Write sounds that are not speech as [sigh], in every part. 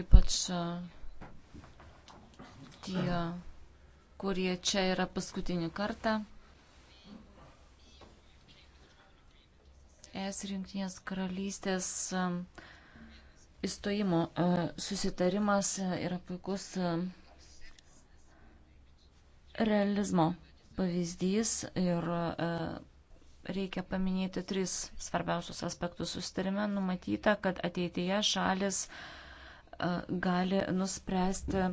Ypač tie, kurie čia yra paskutinį kartą. Es rinktinės karalystės įstojimo susitarimas yra puikus realizmo pavyzdys ir reikia paminėti tris svarbiausius aspektus susitarime. Numatyta, kad ateityje šalis uh, gali nuspręsti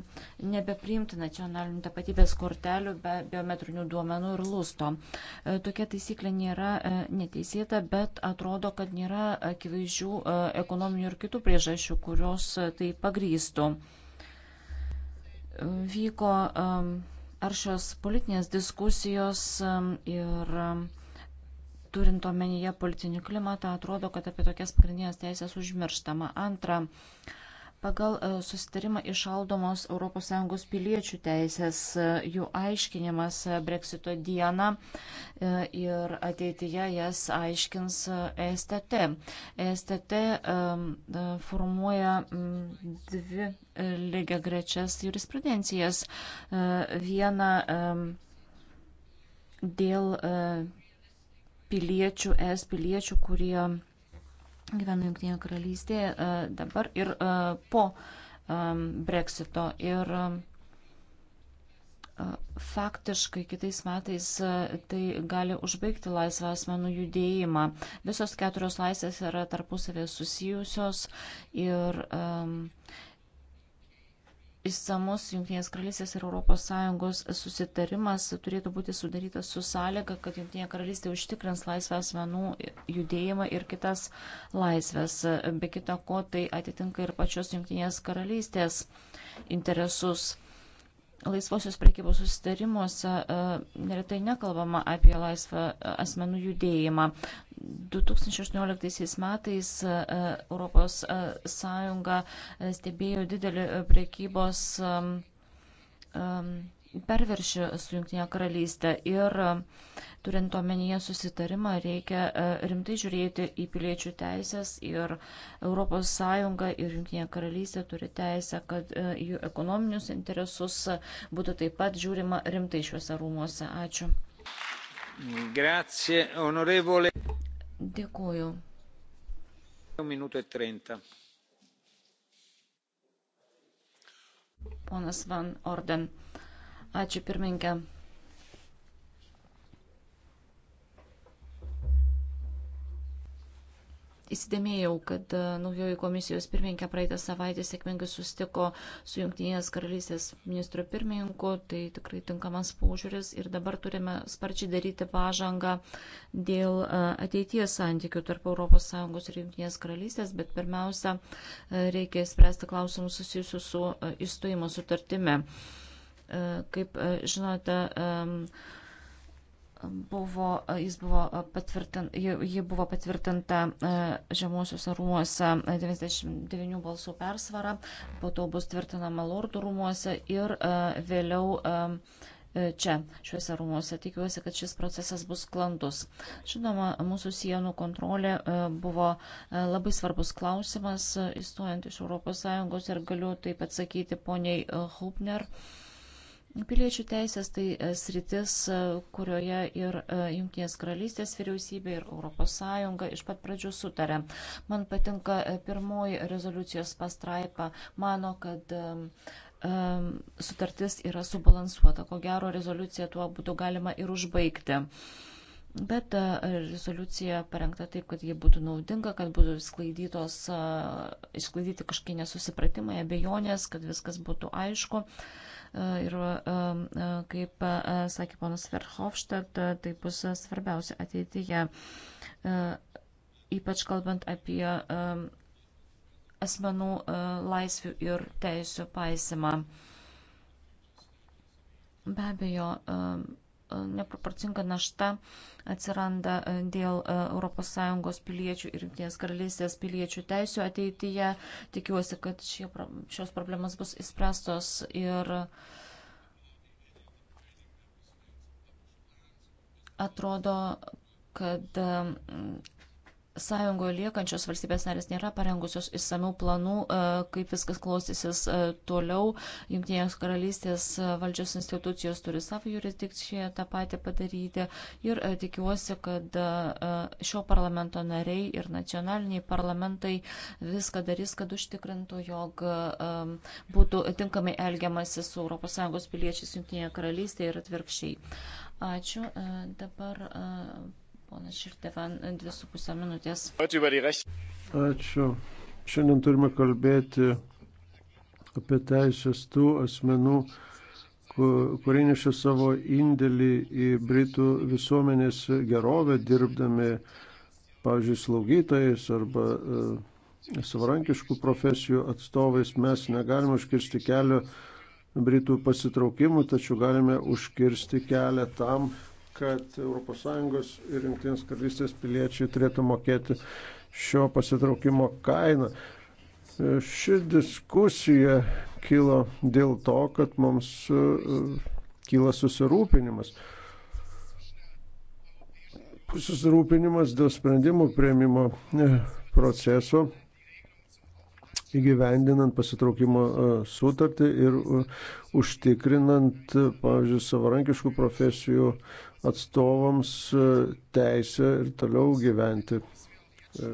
nebepriimti nacionalinių tapatybės kortelių be biometrinių duomenų ir lūsto. E, tokia taisyklė nėra e, neteisėta, bet atrodo, kad nėra akivaizdžių e, ekonominių ir kitų priežasčių, kurios tai pagrystų. Vyko aršios politinės diskusijos ir turint omenyje politinį klimatą, atrodo, kad apie tokias pagrindinės teisės užmirštama. Antra, Pagal e, susitarimą išaldomos ES piliečių teisės, e, jų aiškinimas e, breksito dieną ir ateityje jas aiškins STT. STT formuoja dvi lygia grečias jurisprudencijas. Viena dėl piliečių, es piliečių, kurie gyvena Junktinėje karalystėje e, dabar ir e, po e, Brexito. Ir Faktiškai kitais metais tai gali užbaigti laisvą asmenų judėjimą. Visos keturios laisvės yra tarpusavėje susijusios ir um, Įsamus Junktinės karalystės ir ES susitarimas turėtų būti sudarytas su sąlyga, kad Junktinė karalystė užtikrins laisvę asmenų judėjimą ir kitas laisvės. Be kita ko, tai atitinka ir pačios Junktinės karalystės interesus laisvosios priekybos susitarimuose e, neretai nekalbama apie laisvą e, asmenų judėjimą. 2018 metais e, Europos Sąjunga stebėjo didelį priekybos perviršį su Junktinė karalystė ir e, turint omenyje susitarimą reikia e, rimtai žiūrėti į piliečių teisės ir ES ir Junktinė karalystė turi teisę, kad e, jų ekonominius interesus būtų taip pat žiūrima rimtai šiuose rūmuose. Ačiū. Grazie, onorevole. Dėkuoju. 1 minutė 30. Ponas Van Orden. Ačiū pirmininkė. Įsidėmėjau, kad e, naujoji komisijos pirmininkė praeitą savaitę sėkmingai sustiko su Junktinės karalystės ministru pirmininku, tai tikrai tinkamas paužiūris ir dabar turime sparčiai daryti pažangą dėl e, ateities santykių tarp ES ir Junktinės karalystės, bet pirmiausia, e, reikia spręsti klausimus susijusius su įstojimo sutartimi. E, kaip e, žinote, buvo, jis buvo patvirtinta, ji buvo patvirtinta e, žemuosiuose rūmuose 99 balsų persvara, po to bus tvirtinama lordų rūmuose ir vėliau čia, šiuose rūmuose. Tikiuosi, kad šis procesas bus sklandus. Žinoma, mūsų sienų kontrolė buvo labai svarbus klausimas, įstojant iš ES ir galiu taip atsakyti poniai Hubner. Piliečių teisės tai e, sritis, e, kurioje ir e, Junkinės karalystės vyriausybė ir ES iš pat pradžių sutarė. Man patinka pirmoji rezoliucijos pastraipa, mano, kad sutartis yra subalansuota. Ko gero rezoliuciją tuo būtų galima ir užbaigti. Bet rezoliucija parengta taip, kad ji būtų naudinga, kad būtų išsklaidytos, išsklaidyti kažkokie nesusipratimai, abejonės, kad viskas būtų aišku. E, ir e, e, kaip sakė ponas Verhofstadt, tai bus svarbiausia ateityje. Ypač kalbant apie asmenų laisvių ir teisų paisimą. Be abejo, neproporcinga našta atsiranda e, dėl ES piliečių ir Junktinės karalystės piliečių teisų ateityje. Tikiuosi, kad šie, šios problemas bus įspręstos ir atrodo, kad Sąjungoje liekančios valstybės narės nėra parengusios įsamių planų, e, kaip viskas klostysis e, toliau. Junktinės karalystės e, valdžios institucijos turi savo jurisdikciją tą patį padaryti ir tikiuosi, kad šio parlamento nariai ir nacionaliniai parlamentai viską darys, kad užtikrintų, jog būtų tinkamai elgiamasi su ES piliečiais Junktinėje karalystėje ir atvirkščiai. Ačiū. Dabar Ponas Širtevan, dvi su pusę minutės. Ačiū. Šiandien turime kalbėti apie teisės tų asmenų, kurie nešė savo indėlį į Britų visuomenės gerovę, dirbdami, pavyzdžiui, slaugytojais arba e, savarankiškų profesijų atstovais. Mes negalime užkirsti kelio Britų pasitraukimų, tačiau galime užkirsti kelią tam, kad ES ir Junktinės karalystės piliečiai turėtų mokėti šio pasitraukimo kainą. Ši diskusija kilo dėl to, kad mums e, kyla susirūpinimas. Susirūpinimas dėl sprendimų prieimimo e, proceso įgyvendinant pasitraukimo e, sutartį ir užtikrinant, pavyzdžiui, savarankiškų profesijų uh, atstovams e, teisę ir toliau gyventi e,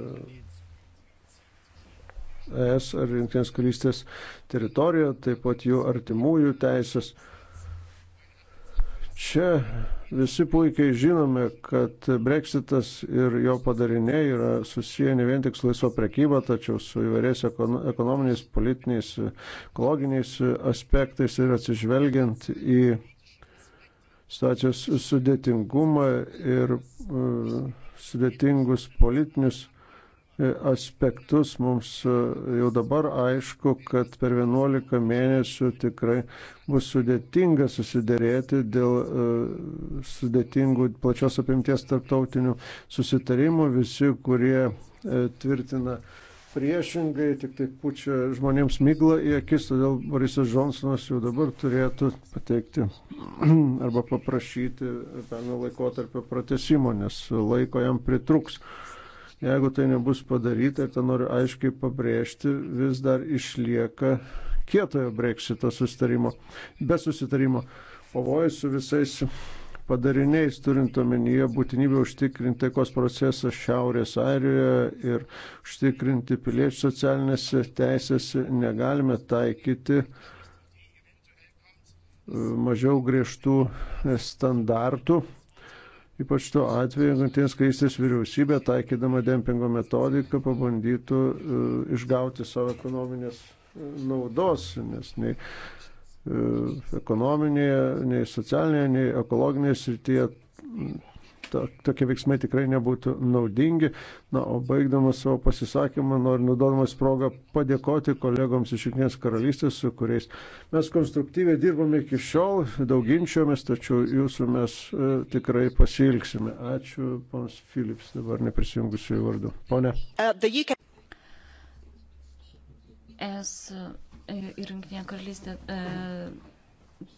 ES ar Junktinės karystės teritorijoje, taip pat jų artimųjų teisės. Čia visi puikiai žinome, kad breksitas ir jo padariniai yra susiję ne vien tik su laisvo prekyba, tačiau su įvairiais ekonominiais, politiniais, ekologiniais aspektais ir atsižvelgiant į situacijos sudėtingumą ir e, sudėtingus politinius e, aspektus mums e, jau dabar aišku, kad per 11 mėnesių tikrai bus sudėtinga susidėrėti dėl sudėtingų plačios apimties tarptautinių susitarimų. Visi, kurie tvirtina priešingai, tik tai pučia žmonėms miglą į akis, todėl Borisas Džonsonas jau dabar turėtų pateikti [clears throat] arba paprašyti pernų laikotarpio pratesimo, nes laiko jam pritruks. Jeigu tai nebus padaryta, ir tą noriu aiškiai pabrėžti, vis dar išlieka kietojo breksito susitarimo, be susitarimo pavojus su visais padariniais, turint omenyje būtinybę užtikrinti taikos procesą Šiaurės Airijoje ir užtikrinti piliečių socialinės teisės, negalime taikyti e, mažiau griežtų standartų. Ypač tuo atveju, kad jungtinės karalystės vyriausybė, taikydama dempingo metodiką, pabandytų e, išgauti savo ekonominės e, naudos, nes nei E, ekonominėje, nei socialinėje, nei ekologinėje srityje tokie veiksmai tikrai nebūtų naudingi. Na, o baigdamas savo pasisakymą, noriu naudodamas progą padėkoti kolegoms iš Junktinės karalystės, su kuriais mes konstruktyviai dirbame iki šiol, daug ginčiomės, tačiau jūsų mes e, tikrai pasilgsime. Ačiū, ponas Philips, dabar neprisijungusiu į vardu. Pone. Uh, UK... Es ir Junktinė karalystė e,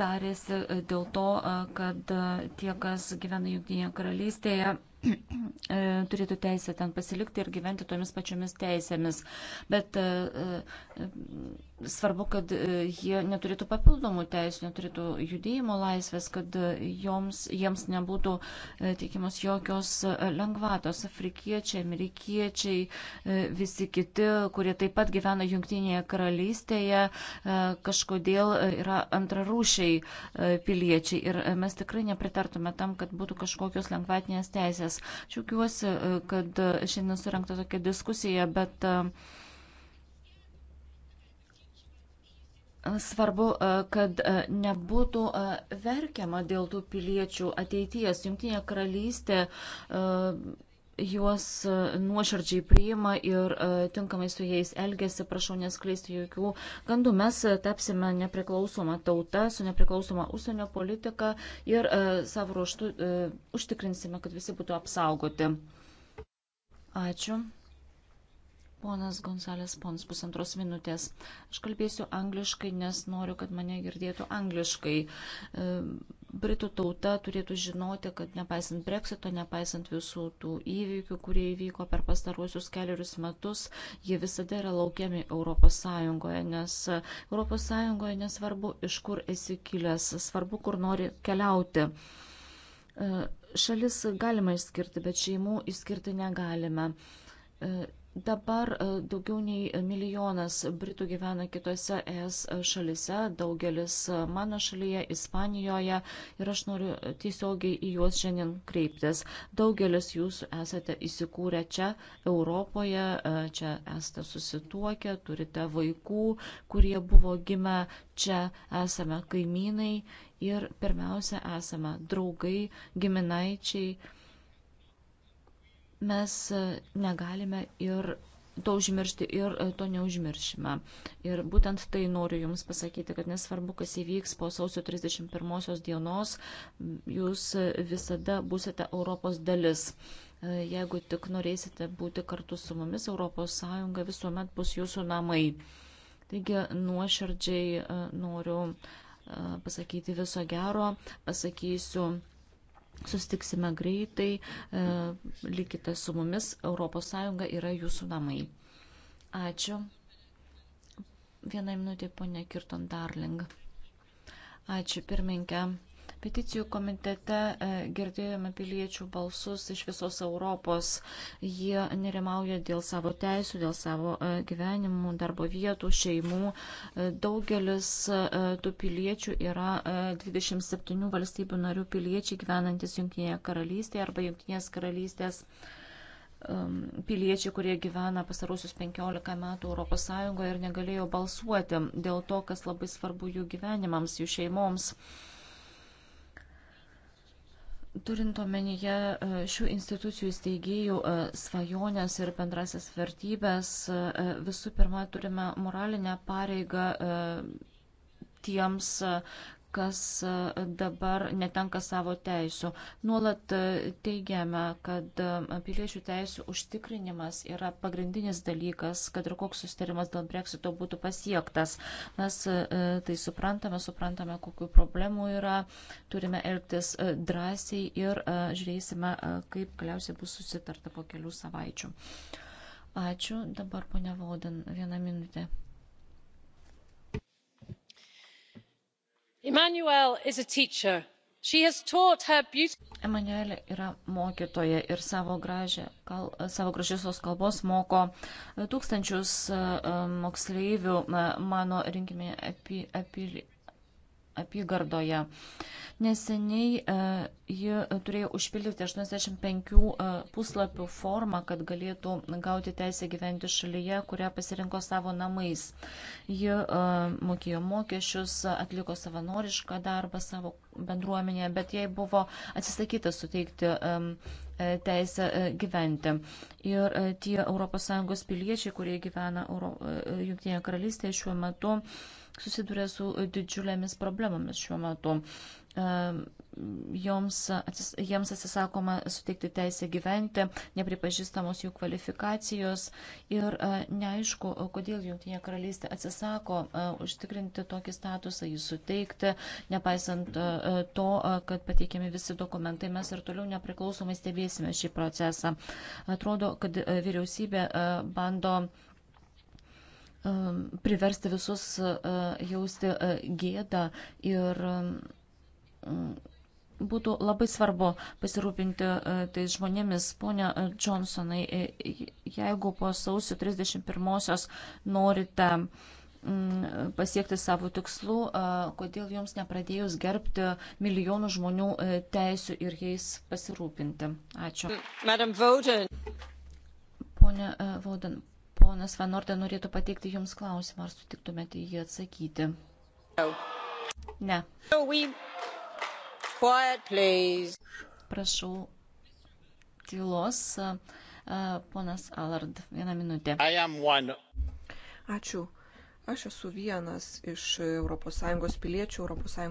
tarėsi e, dėl to, e, kad tie, kas gyvena Junktinėje karalystėje, E, turėtų teisę ten pasilikti ir gyventi tomis pačiomis teisėmis. Bet e, e, svarbu, kad jie neturėtų papildomų teisų, neturėtų judėjimo laisvės, kad joms, jiems nebūtų teikiamos jokios lengvatos. Afrikiečiai, amerikiečiai, visi kiti, kurie taip pat gyvena Junktinėje karalystėje, kažkodėl yra antrarūšiai piliečiai. Ir mes tikrai nepritartume tam, kad būtų kažkokios lengvatinės teisės teisės. Čiūkiuosi, e, kad e, šiandien surinkta tokia diskusija, bet e, Svarbu, kad nebūtų verkiama dėl tų piliečių ateities. Junktinė karalystė juos e, nuoširdžiai priima ir e, tinkamai su jais elgesi, prašau neskleisti jokių gandų. Mes e, tapsime nepriklausoma tauta su nepriklausoma užsienio politika ir savo ruoštų užtikrinsime, kad visi būtų apsaugoti. Ačiū. Ponas Gonzalės Pons, pusantros minutės. Aš kalbėsiu angliškai, nes noriu, kad mane girdėtų angliškai. E, Britų tauta turėtų žinoti, kad nepaisant breksito, nepaisant visų tų įvykių, kurie įvyko per pastaruosius keliarius metus, jie visada yra laukiami ES, nes ES nesvarbu, iš kur esi kilęs, svarbu, kur nori keliauti. E, šalis galima išskirti, bet šeimų išskirti negalime e, Dabar e, daugiau nei milijonas Britų gyvena kitose ES šalise, daugelis e, mano šalyje, Ispanijoje ir aš noriu tiesiogiai į juos šiandien kreiptis. Daugelis jūsų esate įsikūrę čia, Europoje, e, čia esate susituokę, turite vaikų, kurie buvo gimę čia, esame kaimynai ir pirmiausia esame draugai, giminaičiai mes e, negalime ir to užmiršti ir e, to neužmiršime. Ir būtent tai noriu Jums pasakyti, kad nesvarbu, kas įvyks po sausio 31 dienos, Jūs e, visada busite Europos dalis. Jeigu tik norėsite būti kartu su mumis, ES visuomet bus Jūsų namai. Taigi nuoširdžiai noriu pasakyti viso gero, pasakysiu Sustiksime greitai, e, likite su mumis, ES yra jūsų namai. Ačiū. Vieną minutę, ponė Kirton Darling. Ačiū, pirmininkė. Peticijų komitete e, girdėjome piliečių balsus iš visos Europos. Jie nerimauja dėl savo teisų, dėl savo e, gyvenimų, darbo vietų, šeimų. E, daugelis tų piliečių yra 27 valstybių narių piliečiai gyvenantis Junktinėje karalystėje arba Junktinės karalystės piliečiai, kurie gyvena pasarusius 15 metų ES ir negalėjo balsuoti dėl to, kas labai svarbu jų gyvenimams, jų šeimoms. Turint omenyje e, šių institucijų steigėjų e, svajonės ir bendrasis vertybės, e, visų pirma turime moralinę pareigą tiems, kas e, dabar netenka savo teisų. Nuolat e, teigiame, kad e, piliečių teisų užtikrinimas yra pagrindinis dalykas, kad ir koks sustarimas dėl breksito būtų pasiektas. Mes tai suprantame, suprantame, kokiu problemu yra, turime elgtis drąsiai ir žiūrėsime, kaip galiausiai bus susitarta po kelių savaičių. Ačiū. Dabar ponia Vaudin, vieną minutę. emanuelė yra mokytoja ir savo, gražią, kal, savo gražiosios kalbos moko tūkstančius e, e, moksleivių e, mano rinkiminėje apylinkėje. Apy, apy, apygardoje. Neseniai e, ji turėjo užpildyti 85 e, puslapių formą, kad galėtų gauti teisę gyventi šalyje, kurią pasirinko savo namais. Ji e, mokėjo mokesčius, atliko savanorišką darbą savo bendruomenėje, bet jai buvo atsisakyta suteikti teisę gyventi. Ir tie ES piliečiai, kurie gyvena Jungtinėje karalystėje šiuo metu, susiduria su didžiulėmis problemomis šiuo metu. Joms, jiems atsisakoma suteikti teisę gyventi, nepripažįstamos jų kvalifikacijos ir e, neaišku, kodėl Junktinė karalystė atsisako e, užtikrinti tokį statusą, jį suteikti, nepaisant e, to, kad pateikiami visi dokumentai, mes ir toliau nepriklausomai stebėsime šį procesą. Atrodo, kad vyriausybė bando Um, priversti visus uh, jausti uh, gėdą ir um, būtų labai svarbu pasirūpinti uh, tais žmonėmis. Pone Johnsonai, e, jeigu po sausio 31-osios norite mm, pasiekti savo tikslų, kodėl jums nepradėjus gerbti milijonų žmonių teisų ir jais pasirūpinti? Ačiū. Madam Voden. Pone Voden, Ponas Vanordė norėtų pateikti Jums klausimą, ar sutiktumėte jį atsakyti? No. Ne. No, we... Quiet, please. Prašau tylos. Ponas Alard, vieną minutę. Ačiū. Aš esu vienas iš ES piliečių,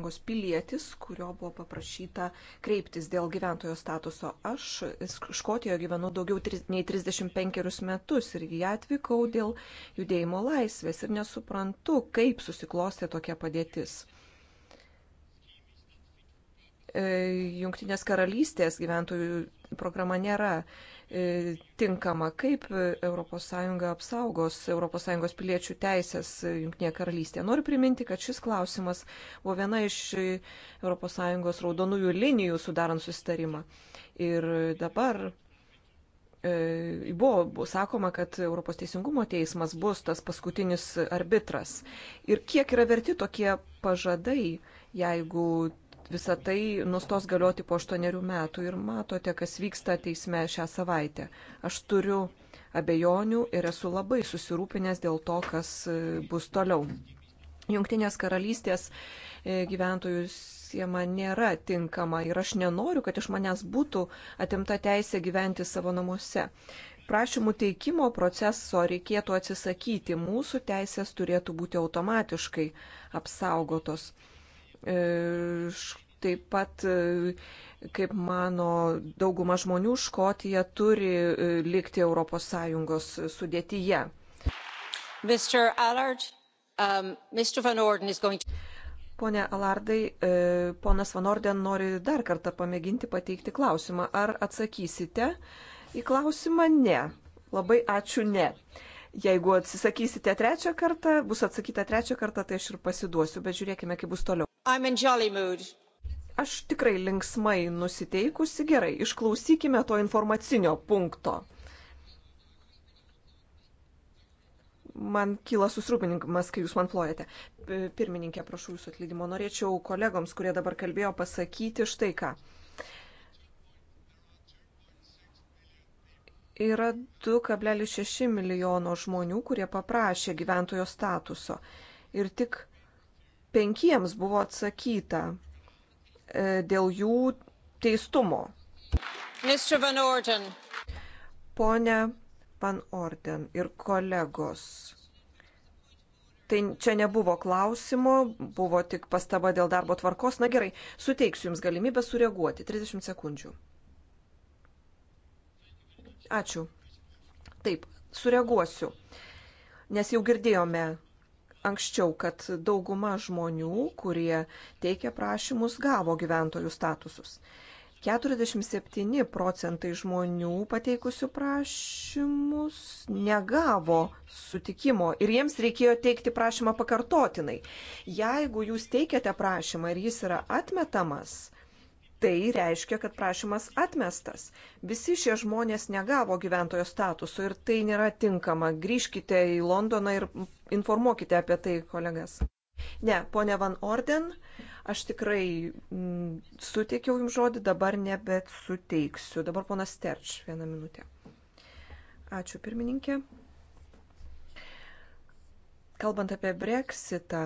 ES pilietis, kurio buvo paprašyta kreiptis dėl gyventojo statuso. Aš Škotijoje gyvenu daugiau nei 35 metus ir jį atvykau dėl judėjimo laisvės ir nesuprantu, kaip susiklostė tokia padėtis. E, Junktinės karalystės gyventojų programa nėra E, tinkama, kaip ES apsaugos ES piliečių teisės e, Junktinėje karalystėje. Noriu priminti, kad šis klausimas buvo viena iš ES raudonųjų linijų sudarant susitarimą. Ir dabar e, buvo, buvo sakoma, kad Europos teisingumo teismas bus tas paskutinis arbitras. Ir kiek yra verti tokie pažadai, jeigu visa tai nustos galioti po aštuonerių metų ir matote, kas vyksta teisme šią savaitę. Aš turiu abejonių ir esu labai susirūpinęs dėl to, kas e, bus toliau. Junktinės karalystės e, gyventojų siema nėra tinkama ir aš nenoriu, kad iš manęs būtų atimta teisė gyventi savo namuose. Prašymų teikimo proceso reikėtų atsisakyti, mūsų teisės turėtų būti automatiškai apsaugotos. E, taip pat, e, kaip mano dauguma žmonių, Škotija turi e, likti ES sudėtyje. Mr. Allard, um, Mr. Van Orden is going to... Pone Alardai, ponas Van Orden nori dar kartą pamėginti pateikti klausimą. Ar atsakysite į klausimą? Ne. Labai ačiū, ne. Jeigu atsisakysite trečią kartą, bus atsakyta trečią kartą, tai aš ir pasiduosiu, bet žiūrėkime, kaip bus toliau. Aš tikrai linksmai nusiteikusi gerai. Išklausykime to informacinio punkto. man kyla susirūpinimas, kai jūs man plojate. Pirmininkė, prašau jūsų atlydimo. Norėčiau kolegoms, kurie dabar kalbėjo, pasakyti štai ką. yra 2,6 milijono žmonių, kurie paprašė gyventojo statuso. Ir tik penkiems buvo atsakyta e, dėl jų teistumo. Van Orden. Pone Van Orden ir kolegos. Tai čia nebuvo klausimo, buvo tik pastaba dėl darbo tvarkos. Na gerai, suteiksiu Jums galimybę sureaguoti. 30 sekundžių. Ačiū. Taip, sureaguosiu. Nes jau girdėjome anksčiau, kad dauguma žmonių, kurie teikia prašymus, gavo gyventojų statusus. 47 procentai žmonių pateikusių prašymus negavo sutikimo ir jiems reikėjo teikti prašymą pakartotinai. Jeigu jūs teikiate prašymą ir jis yra atmetamas, tai reiškia, kad prašymas atmestas. Visi šie žmonės negavo gyventojo statuso ir tai nėra tinkama. Grįžkite į Londoną ir informuokite apie tai kolegas. Ne, ponė Van Orden, aš tikrai m, mm, suteikiau jums žodį, dabar nebet suteiksiu. Dabar ponas Terč, vieną minutę. Ačiū pirmininkė. Kalbant apie Brexitą,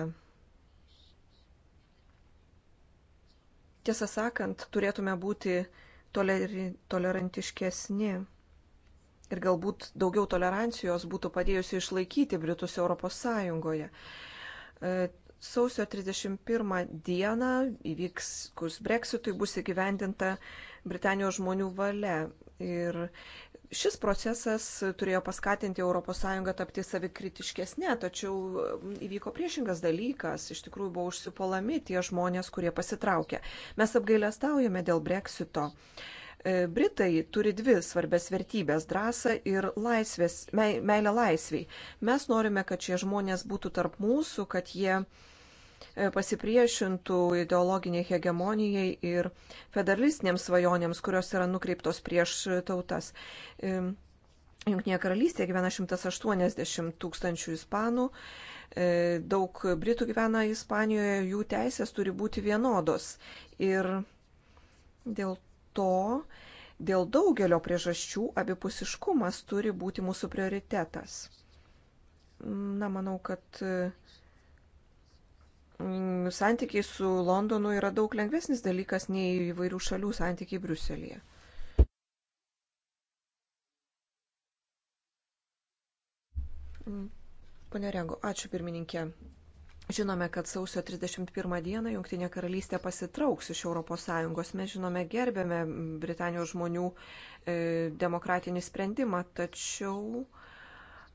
Tiesą sakant, turėtume būti toleri, tolerantiškesni ir galbūt daugiau tolerancijos būtų padėjusi išlaikyti Britus Europos Sąjungoje. E, sausio 31 dieną įvyks, kurs Brexitui bus įgyvendinta Britanijos žmonių valia. Ir Šis procesas turėjo paskatinti ES tapti savikritiškesnė, tačiau įvyko priešingas dalykas. Iš tikrųjų buvo užsipolami tie žmonės, kurie pasitraukė. Mes apgailestaujame dėl breksito. E, Britai turi dvi svarbės vertybės - drąsą ir laisvės, meilę laisviai. Mes norime, kad šie žmonės būtų tarp mūsų, kad jie uh, pasipriešintų ideologiniai hegemonijai ir federalistinėms svajonėms, kurios yra nukreiptos prieš tautas. Junktinėje karalystėje gyvena 180 tūkstančių ispanų, e, daug britų gyvena Ispanijoje, jų teisės turi būti vienodos. Ir dėl to, dėl daugelio priežasčių, abipusiškumas turi būti mūsų prioritetas. Na, manau, kad e, Mm, santykiai su Londonu yra daug lengvesnis dalykas nei įvairių šalių santykiai Bruselėje. Mm, Pane Rengo, ačiū pirmininkė. Žinome, kad sausio 31 dieną Junktinė karalystė pasitrauks iš ES. Mes žinome, gerbėme Britanijos žmonių e, demokratinį sprendimą, tačiau e,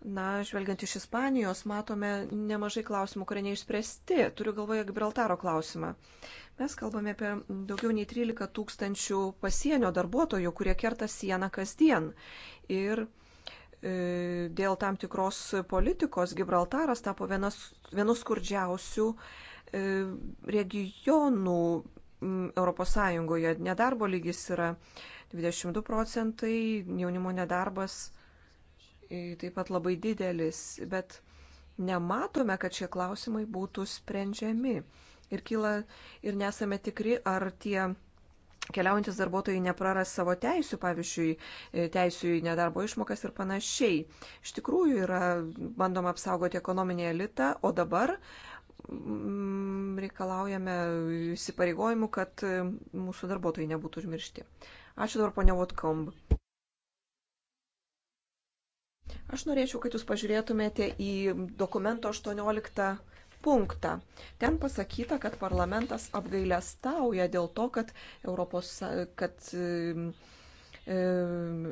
Na, žvelgiant iš Ispanijos, matome nemažai klausimų, kurie neišspręsti. Turiu galvoje Gibraltaro klausimą. Mes kalbame apie daugiau nei 13 tūkstančių pasienio darbuotojų, kurie kerta sieną kasdien. Ir e, dėl tam tikros politikos Gibraltaras tapo vienas, vienus skurdžiausių e, regionų ES. Nedarbo lygis yra 22 procentai, jaunimo nedarbas E, taip pat labai didelis, bet nematome, kad šie klausimai būtų sprendžiami. Ir kyla ir nesame tikri, ar tie keliaujantis darbuotojai nepraras savo teisių, pavyzdžiui, e, teisių į nedarbo išmokas ir panašiai. Iš tikrųjų yra bandoma apsaugoti ekonominį elitą, o dabar mm, reikalaujame įsipareigojimų, kad e, mūsų darbuotojai nebūtų užmiršti. Ačiū dabar, ponia Votkomb. Aš norėčiau, kad jūs pažiūrėtumėte į dokumento 18 punktą. Ten pasakyta, kad parlamentas apgailę stauja dėl to, kad Europos, kad, e, e,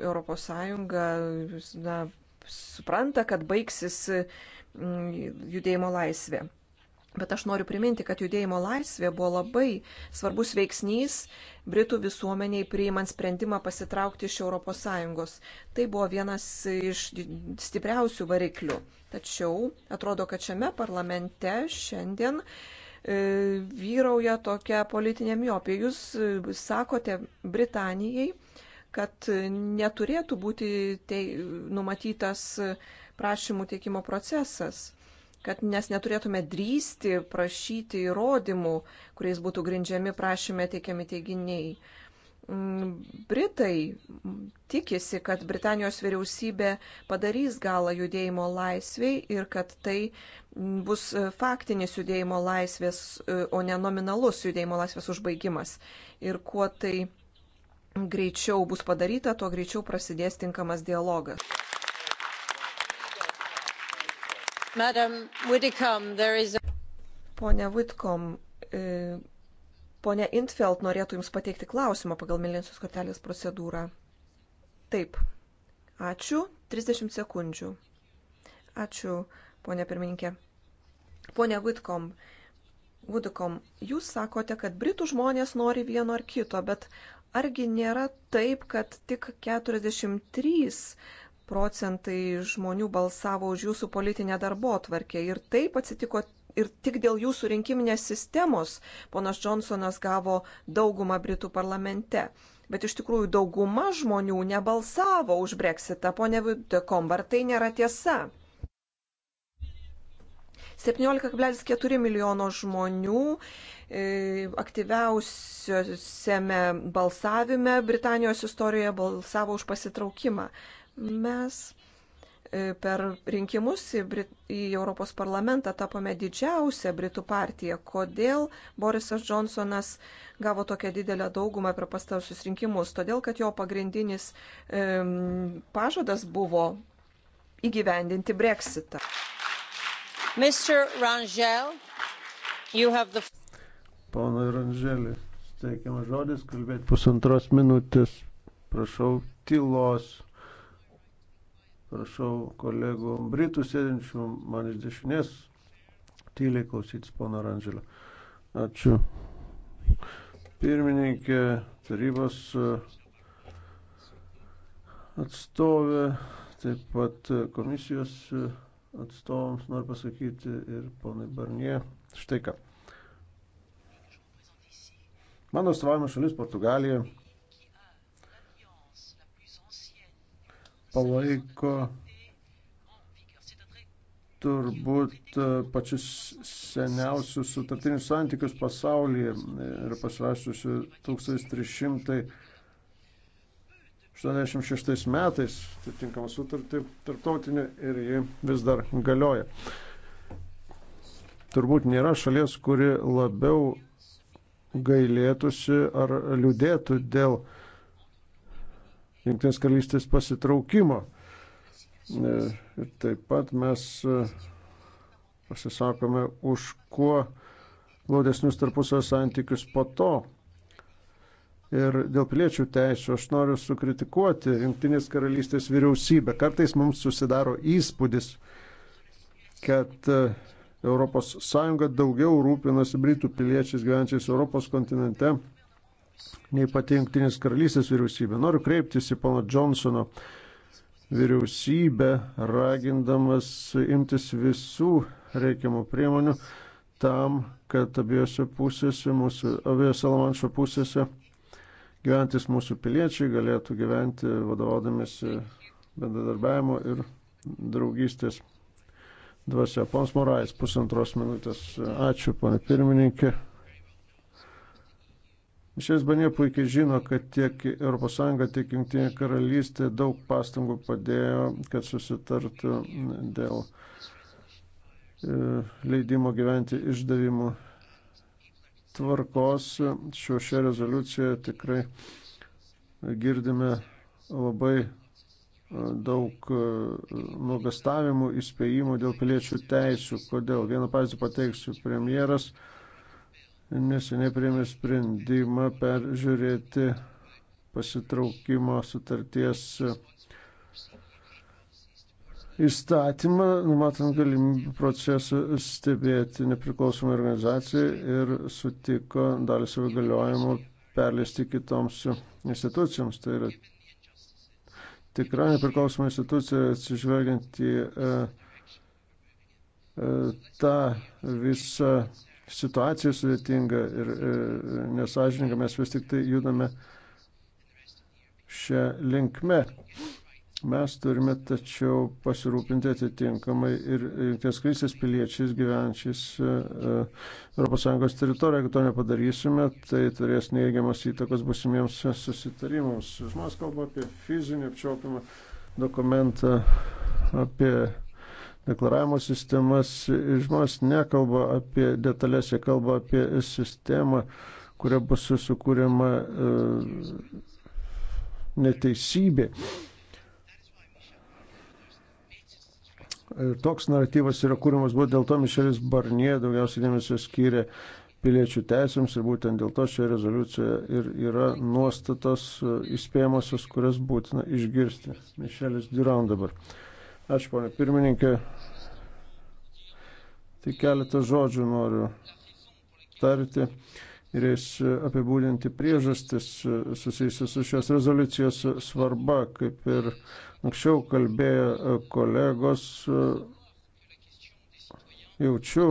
Europos Sąjunga na, supranta, kad baigsis judėjimo laisvė. Bet aš noriu priminti, kad judėjimo laisvė buvo labai svarbus veiksnys Britų visuomeniai priimant sprendimą pasitraukti iš ES. Tai buvo vienas iš stipriausių variklių. Tačiau atrodo, kad šiame parlamente šiandien e, vyrauja tokia politinė miopija. Jūs e, sakote Britanijai, kad neturėtų būti tei, numatytas prašymų teikimo procesas kad mes neturėtume drįsti prašyti įrodymų, kuriais būtų grindžiami prašymė teikiami teiginiai. Mm, Britai tikisi, kad Britanijos vyriausybė padarys galą judėjimo laisviai ir kad tai bus faktinis judėjimo laisvės, e, o ne nominalus judėjimo laisvės užbaigimas. Ir kuo tai greičiau bus padaryta, tuo greičiau prasidės tinkamas dialogas. Pone Whitcomb, e, Pone Intfeld norėtų Jums pateikti klausimą pagal Milinsios kortelės procedūrą. Taip. Ačiū. 30 sekundžių. Ačiū, ponė pirmininkė. Pone Whitcomb, Woodcomb, jūs sakote, kad britų žmonės nori vieno ar kito, bet argi nėra taip, kad tik 43 procentai žmonių balsavo už jūsų politinę darbo tvarkę. Ir taip atsitiko ir tik dėl jūsų rinkiminės sistemos ponas Johnsonas gavo daugumą Britų parlamente. Bet iš tikrųjų dauguma žmonių nebalsavo už Brexitą, ponė Vidutekom, ar tai nėra tiesa? 17,4 milijono žmonių e, aktyviausiame balsavime Britanijos istorijoje balsavo už pasitraukimą. Mes e, per rinkimus į, Brit... į Europos parlamentą tapome didžiausią Britų partiją. Kodėl Borisas Johnsonas gavo tokią didelę daugumą per pastarusius rinkimus? Todėl, kad jo pagrindinis e, pažadas buvo įgyvendinti breksitą. Rangel, the... Pana Rangelį, teikiamas žodis, kalbėti pusantros minutės. Prašau, tylos prašau kolegų Britų sėdinčių man iš dešinės tyliai klausytis pono Randželio. Ačiū. Pirmininkė, tarybos e, atstovė, taip pat komisijos e, atstovams noriu pasakyti ir ponai Barnie. Štai ką. Mano atstovavimo šalis Portugalija palaiko turbūt e, pačius seniausius sutartinius santykius pasaulyje ir pasirašiusi 1386 metais atitinkamą sutartį tarptautinį ir ji vis dar galioja. Turbūt nėra šalies, kuri labiau gailėtųsi ar liūdėtų dėl uh, Junktinės karalystės pasitraukimo. E, ir taip pat mes e, pasisakome už kuo glaudesnius tarpusio santykius po to. Ir dėl piliečių teisų aš noriu sukritikuoti Junktinės karalystės vyriausybę. Kartais mums susidaro įspūdis, kad ES daugiau rūpinasi Britų piliečiais gyvenčiais Europos kontinente nei pati Junktinės karalystės vyriausybė. Noriu kreiptis į pono Johnsono vyriausybę, ragindamas imtis visų reikiamų priemonių tam, kad abiejose pusėse, mūsų, abiejose Lamanšo pusėse gyventis mūsų piliečiai galėtų gyventi vadovaudamėsi bendradarbiavimo ir draugystės dvasia. Pons Morais, pusantros minutės. Ačiū, pane pirmininkė. Šis banė puikiai žino, kad tiek ES, tiek Junktinė karalystė daug pastangų padėjo, kad susitartų dėl e, leidimo gyventi išdavimų tvarkos. Šiuo šią rezoliuciją tikrai girdime labai e, daug e, nuogastavimų, įspėjimų dėl piliečių teisų. Kodėl? Vieną pavyzdį pateiksiu. Premjeras neseniai priėmė sprendimą peržiūrėti pasitraukimo sutarties įstatymą, numatant galimybę procesą stebėti nepriklausomai organizacijai ir sutiko dalį savo galiojimų perleisti kitoms institucijoms. Tai yra tikra nepriklausoma institucija atsižvelgiant į e, e, tą visą situacija sudėtinga ir nesažininga, mes vis tik tai judame šią linkmę. Mes turime tačiau pasirūpinti atitinkamai ir Junktinės krysės piliečiais gyvenčiais ES teritorijoje. Jeigu to nepadarysime, tai turės neįgiamas įtakos busimiems susitarimams. Žmonės kalba apie fizinį apčiopimą dokumentą, apie deklaravimo sistemas. Žmonės nekalba apie detalės, jie kalba apie sistemą, kuria bus susikūrima e, neteisybė. Ir toks naratyvas yra kūrimas, buvo dėl to Mišelis Barnie daugiausiai dėmesio skyrė piliečių teisėms ir būtent dėl to šioje rezoliucijoje ir yra nuostatos e, įspėjamosios, kurias būtina išgirsti. Mišelis Duran dabar. Ačiū, ponė pirmininkė. Tik keletą žodžių noriu tarti ir jais apibūdinti priežastis susijusius su šios rezoliucijos svarba, kaip ir anksčiau kalbėjo kolegos, jaučiu,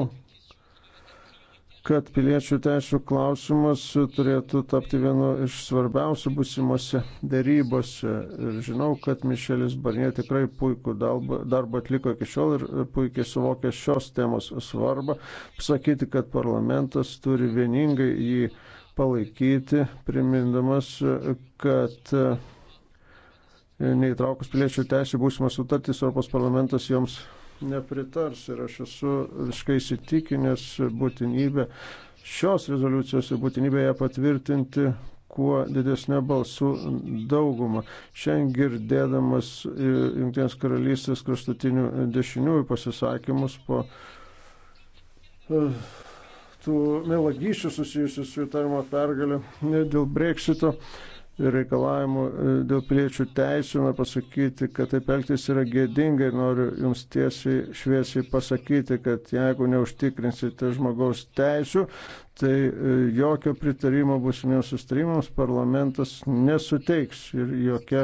kad piliečių teisų klausimas turėtų tapti vienu iš svarbiausių busimuose darybose. Ir žinau, kad Mišelis Barnie tikrai puikų darbą, darbą atliko iki šiol ir puikiai suvokė šios temos svarbą. Pasakyti, kad parlamentas turi vieningai jį palaikyti, primindamas, kad neįtraukus piliečių teisų būsimas sutartys Europos parlamentas joms nepritars ir aš esu visiškai įsitikinęs būtinybę šios rezoliucijos ir būtinybę ją patvirtinti kuo didesnė balsų dauguma. Šiandien girdėdamas e, Junktinės karalystės kraštutinių dešiniųjų pasisakymus po e, tų melagyšių susijusių su įtarimo pergalė dėl breksito reikalavimų e, dėl piliečių teisų, noriu pasakyti, kad taip elgtis yra gėdinga ir noriu jums tiesiai šviesiai pasakyti, kad jeigu neužtikrinsite žmogaus teisų, tai e, jokio pritarimo busimiems sustarimams parlamentas nesuteiks ir jokia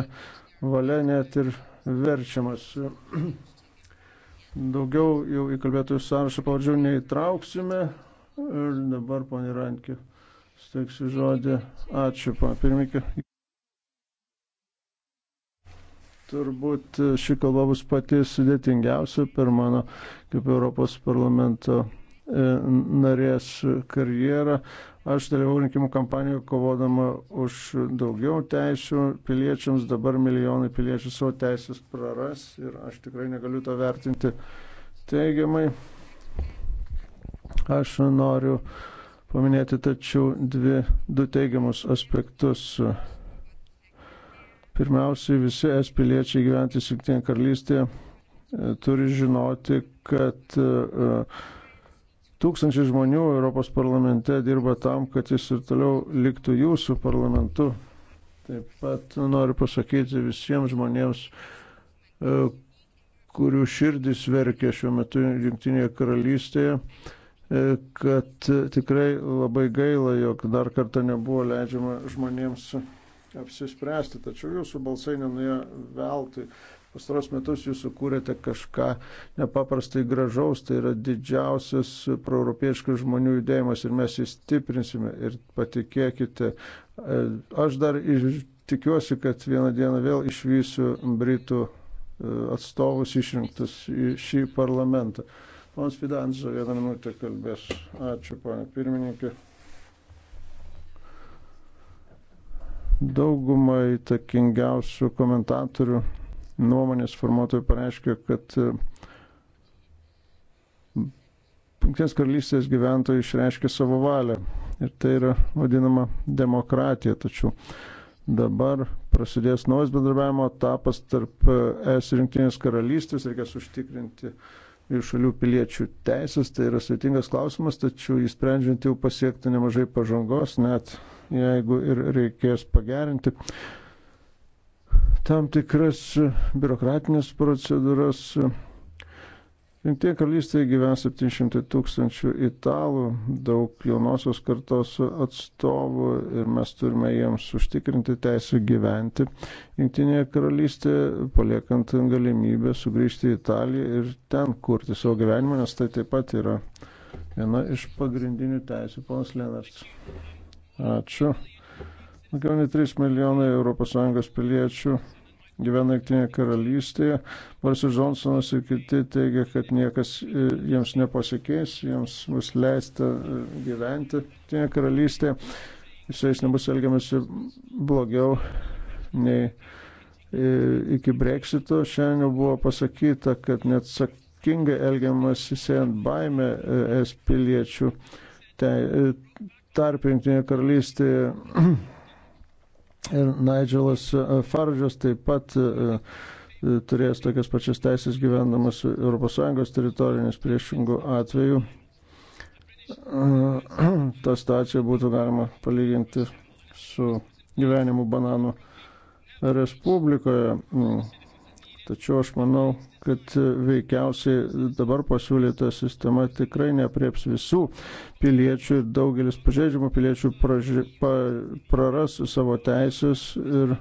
valia net ir verčiamas. [clears throat] Daugiau jau į kalbėtojų sąrašą pavardžių neįtrauksime. Ir dabar, ponė Rankė, steiksiu žodį. Ačiū, papirmininkė. Turbūt ši kalba bus pati sudėtingiausia per mano kaip Europos parlamento e, narės karjerą. Aš dalyvau rinkimų kampanijoje kovodama už daugiau teisų piliečiams, dabar milijonai piliečių savo teisės praras ir aš tikrai negaliu to vertinti teigiamai. Aš noriu paminėti tačiau dvi, du teigiamus aspektus. Pirmiausiai visi es piliečiai gyventys Junktinėje karalystėje e, turi žinoti, kad e, e, tūkstančiai žmonių Europos parlamente dirba tam, kad jis ir toliau liktų jūsų parlamentu. Taip pat noriu pasakyti visiems žmonėms, kurių širdis verkia šiuo metu Junktinėje karalystėje, kad tikrai labai gaila, jog dar kartą nebuvo leidžiama žmonėms apsispręsti, tačiau jūsų balsai nenuėjo veltui. Pastaros metus jūs sukūrėte kažką nepaprastai gražaus, tai yra didžiausias proeuropiečių žmonių judėjimas ir mes jį stiprinsime ir patikėkite. Aš dar tikiuosi, kad vieną dieną vėl išvysiu Britų e, atstovus išrinktus į šį parlamentą. Ponas Fidanzo vieną minutę kalbės. Ačiū, ponė pirmininkė. Dauguma įtakingiausių komentatorių nuomonės formuotojų pareiškia, kad e, Junktinės karalystės gyventojai išreiškia savo valią ir tai yra vadinama demokratija. Tačiau dabar prasidės naujas bendradarbiavimo etapas tarp es ir Junktinės karalystės, reikės užtikrinti uh, šalių piliečių teisės, tai yra sudėtingas klausimas, tačiau įsprendžiant jau pasiekti nemažai pažangos, net jeigu ir reikės pagerinti tam tikras biurokratinės procedūras, Jungtinė karalystė gyvena 700 tūkstančių italų, daug jaunosios kartos atstovų ir mes turime jiems užtikrinti teisę gyventi. Jungtinėje karalystėje paliekant galimybę sugrįžti į Italiją ir ten kurti savo gyvenimą, nes tai taip pat yra viena iš pagrindinių teisų, ponas Lenarts. Ačiū. Daugiau nei 3 milijonai ES piliečių gyvena Jungtinėje karalystėje. Borisas Johnsonas ir kiti teigia, kad niekas e, jiems nepasikeis, jiems bus leista e, gyventi Jungtinėje karalystėje. Jisais nebus elgiamasi blogiau nei e, iki breksito. Šiandien jau buvo pasakyta, kad neatsakingai elgiamasi sėjant baimę es piliečių tarp Jungtinėje karalystėje [clears throat] ir Nigelas e, Faradžas taip pat e, e, turės tokias pačias teisės gyvendamas ES teritorinės priešingų atveju. [clears throat] Ta stacija būtų galima palyginti su gyvenimu bananų Respublikoje. Mm. Tačiau aš manau, kad veikiausiai dabar pasiūlyta sistema tikrai neprieps visų piliečių ir daugelis pažeidžiamų piliečių praži, pa, praras savo teisės ir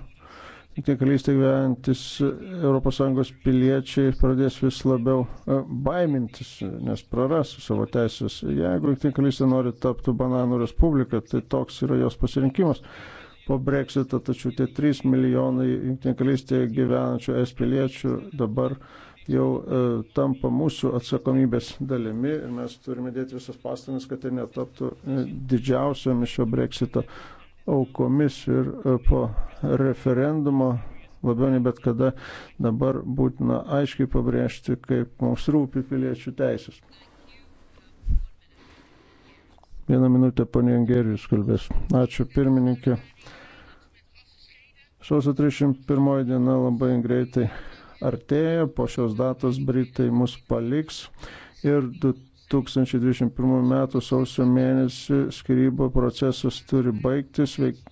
Jungtinė karalystė gyvenantis ES piliečiai pradės vis labiau e, baimintis, nes praras savo teisės. Jeigu Jungtinė karalystė nori tapti bananų respubliką, tai toks yra jos pasirinkimas po breksito, tačiau tie 3 milijonai jungtinė karalystė gyvenančių es piliečių dabar jau e, tampa mūsų atsakomybės dalimi ir mes turime dėti visas pastangas, kad tai netaptų e, didžiausiomis šio breksito aukomis ir e, po referendumo labiau nei bet kada dabar būtina aiškiai pabrėžti, kaip mums rūpi piliečių teisės. Vieną minutę ponė Angerijus kalbės. Ačiū pirmininkė. Sausio 31 diena labai greitai artėja, po šios datos Britai mus paliks ir 2021 m. sausio mėnesį skirybo procesas turi baigtis. Veik...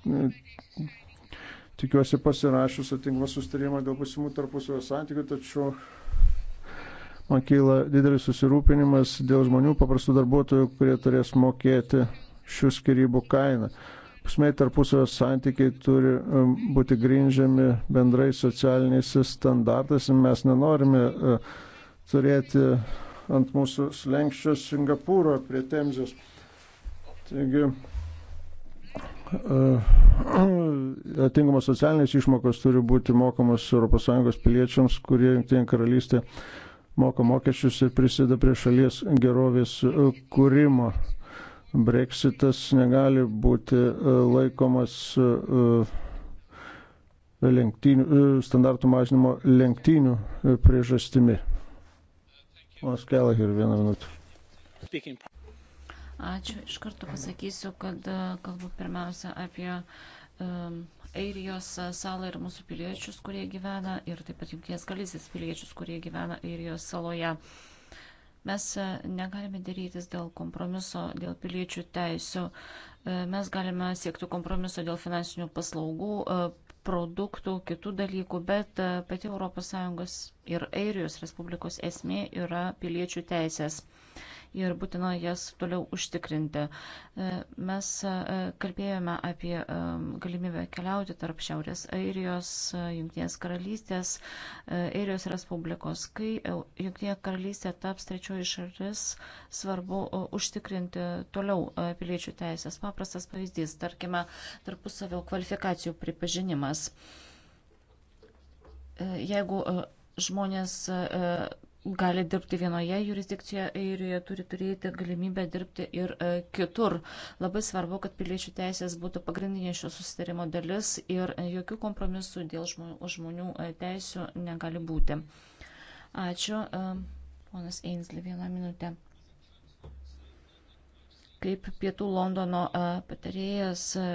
Tikiuosi pasirašius atinkamą sustarimą dėl pasimų tarpusavio santykių, tačiau man keila didelis susirūpinimas dėl žmonių, paprastų darbuotojų, kurie turės mokėti šių skirybų kainą. Pusmei tarpusavio santykiai turi um, būti grindžiami bendrai socialiniais standartais. Mes nenorime uh, turėti ant mūsų slengščio Singapūro prie Temzės. Taigi, uh, [clears throat] atitinkamos socialinės išmokos turi būti mokamos ES piliečiams, kurie Junktinė karalystė moka mokesčius ir prisideda prie šalies gerovės uh, kūrimo. Brexitas negali būti e, laikomas e, e, lenktynių, standartų mažinimo lenktynių priežastimi. Ponas Kelahir, vieną minutę. Ačiū. Iš karto pasakysiu, kad kalbu pirmiausia apie um, Airijos salą ir mūsų piliečius, kurie gyvena, ir taip pat Junkties karalystės piliečius, kurie gyvena Airijos saloje. Uh, Mes e, negalime dėrytis dėl kompromiso, dėl piliečių teisų. E, mes galime siekti kompromiso dėl finansinių paslaugų, e, produktų, kitų dalykų, bet pati ES ir Airijos Respublikos esmė yra piliečių teisės ir būtina jas toliau užtikrinti. E, mes e, kalbėjome apie e, galimybę keliauti tarp Šiaurės Airijos, Junktinės karalystės, Airijos Respublikos. Kai Junktinė karalystė taps trečioji šalis, svarbu užtikrinti toliau piliečių teisės. Paprastas pavyzdys, tarkime, tarpusavio kvalifikacijų pripažinimas. Jeigu žmonės gali dirbti vienoje jurisdikcijoje, airijoje turi turėti galimybę dirbti ir e, kitur. Labai svarbu, kad piliečių teisės būtų pagrindinė šio susitarimo dalis ir e, jokių kompromisų dėl žmonių, žmonių e, teisų negali būti. Ačiū, e, ponas Einsli, vieną minutę. Kaip pietų Londono e, patarėjas, e,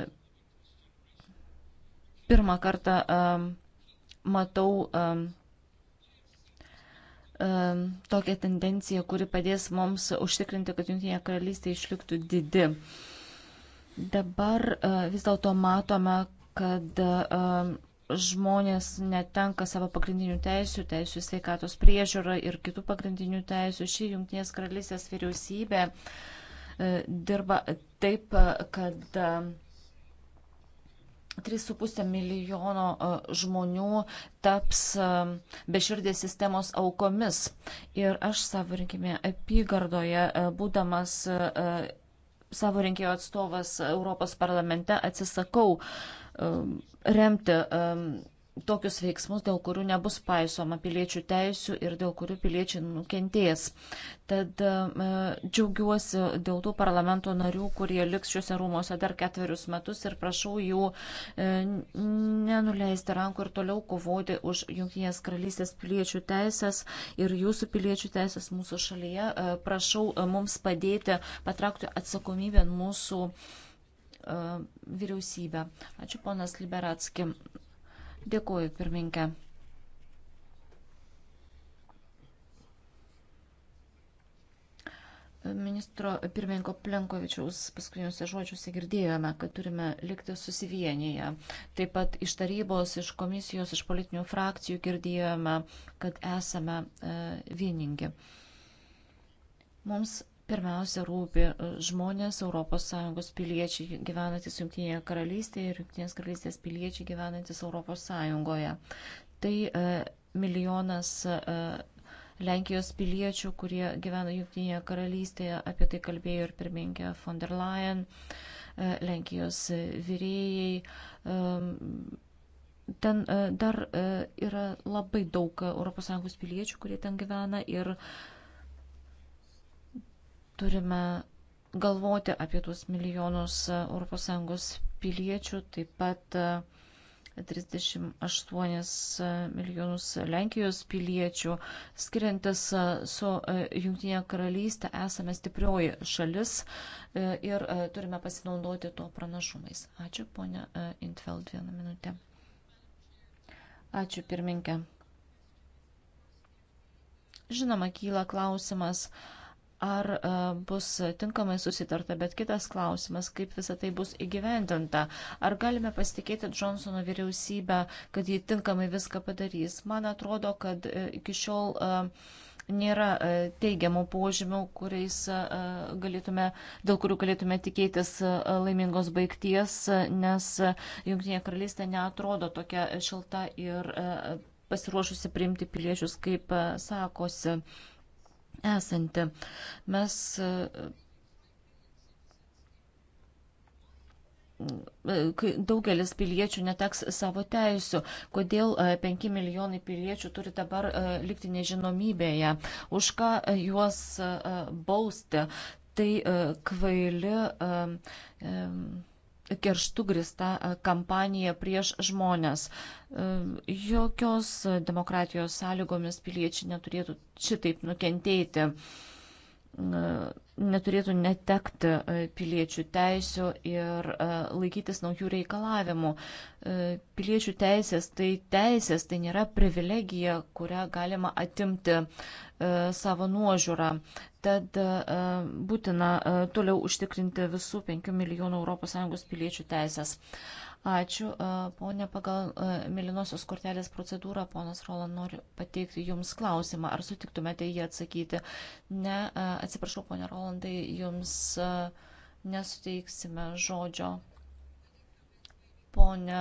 pirmą kartą e, matau e, tokią tendenciją, kuri padės mums užtikrinti, kad Junktinė karalystė išliktų didi. Dabar e, vis dėlto matome, kad e, žmonės netenka savo pagrindinių teisių, teisių sveikatos priežiūrą ir kitų pagrindinių teisių. Ši Junktinės karalystės vyriausybė e, dirba taip, kad 3,5 milijono žmonių taps beširdės sistemos aukomis. Ir aš savo rinkimėje apygardoje, būdamas savo rinkėjo atstovas Europos parlamente, atsisakau remti tokius veiksmus, dėl kurių nebus paisoma piliečių teisių ir dėl kurių piliečiai nukentės. Tad e, džiaugiuosi dėl tų parlamento narių, kurie liks šiuose rūmose dar ketverius metus ir prašau jų e, nenuleisti rankų ir toliau kovoti už Junktinės karalystės piliečių teisės ir jūsų piliečių teisės mūsų šalyje. E, prašau mums padėti patraukti atsakomybę mūsų vyriausybę. Ačiū ponas Liberatski. Dėkuoju, pirminkė. Ministro pirmininko Plenkovičiaus paskutiniuose žodžiuose girdėjome, kad turime likti susivienyje. Taip pat iš tarybos, iš komisijos, iš politinių frakcijų girdėjome, kad esame e, vieningi. Mums pirmiausia rūpi e, žmonės, ES piliečiai gyvenantis Junktinėje karalystėje ir Junktinės karalystės piliečiai gyvenantis ES. Tai e, milijonas e, Lenkijos piliečių, kurie gyvena Junktinėje karalystėje, apie tai kalbėjo ir pirmininkė von der Leyen, e, Lenkijos vyrėjai. E, ten e, dar e, yra labai daug ES piliečių, kurie ten gyvena ir e, Turime galvoti apie tuos milijonus ES piliečių, taip pat 38 e, milijonus Lenkijos piliečių. Skiriantis e, su e, Junktinė karalystė esame stiprioji šalis ir turime pasinaudoti to pranašumais. Ačiū, ponia Intveld, vieną minutę. Ačiū, pirminkė. Žinoma, kyla klausimas, uh, ar e, bus tinkamai susitarta, bet kitas klausimas, kaip visa tai bus įgyvendinta. Ar galime pasitikėti Johnsono vyriausybę, kad ji tinkamai viską padarys? Man atrodo, kad e, iki šiol e, nėra teigiamų požymių, kuriais galėtume, dėl kurių galėtume tikėtis laimingos baigties, nes Junktinė karalystė neatrodo tokia šilta ir pasiruošusi priimti piliečius, kaip sakosi esanti. Mes e, kai daugelis piliečių neteks savo teisų. Kodėl 5 e, milijonai piliečių turi dabar e, likti nežinomybėje? Už ką juos bausti? Tai kvaili kerštų grista e, kampanija prieš žmonės. E, jokios demokratijos sąlygomis piliečiai neturėtų šitaip nukentėti, e, neturėtų netekti piliečių teisių ir laikytis naujų reikalavimų. Piliečių teisės tai teisės, tai nėra privilegija, kurią galima atimti savo nuožiūrą. Tad e, būtina e, toliau užtikrinti visų 5 milijonų ES piliečių teisės. Ačiū, e, ponė, pagal Milinosios kortelės procedūrą, ponas Roland nori pateikti Jums klausimą, ar sutiktumėte jį atsakyti. Ne, atsiprašau, ponė Rolandai, Jums nesuteiksime žodžio. Pone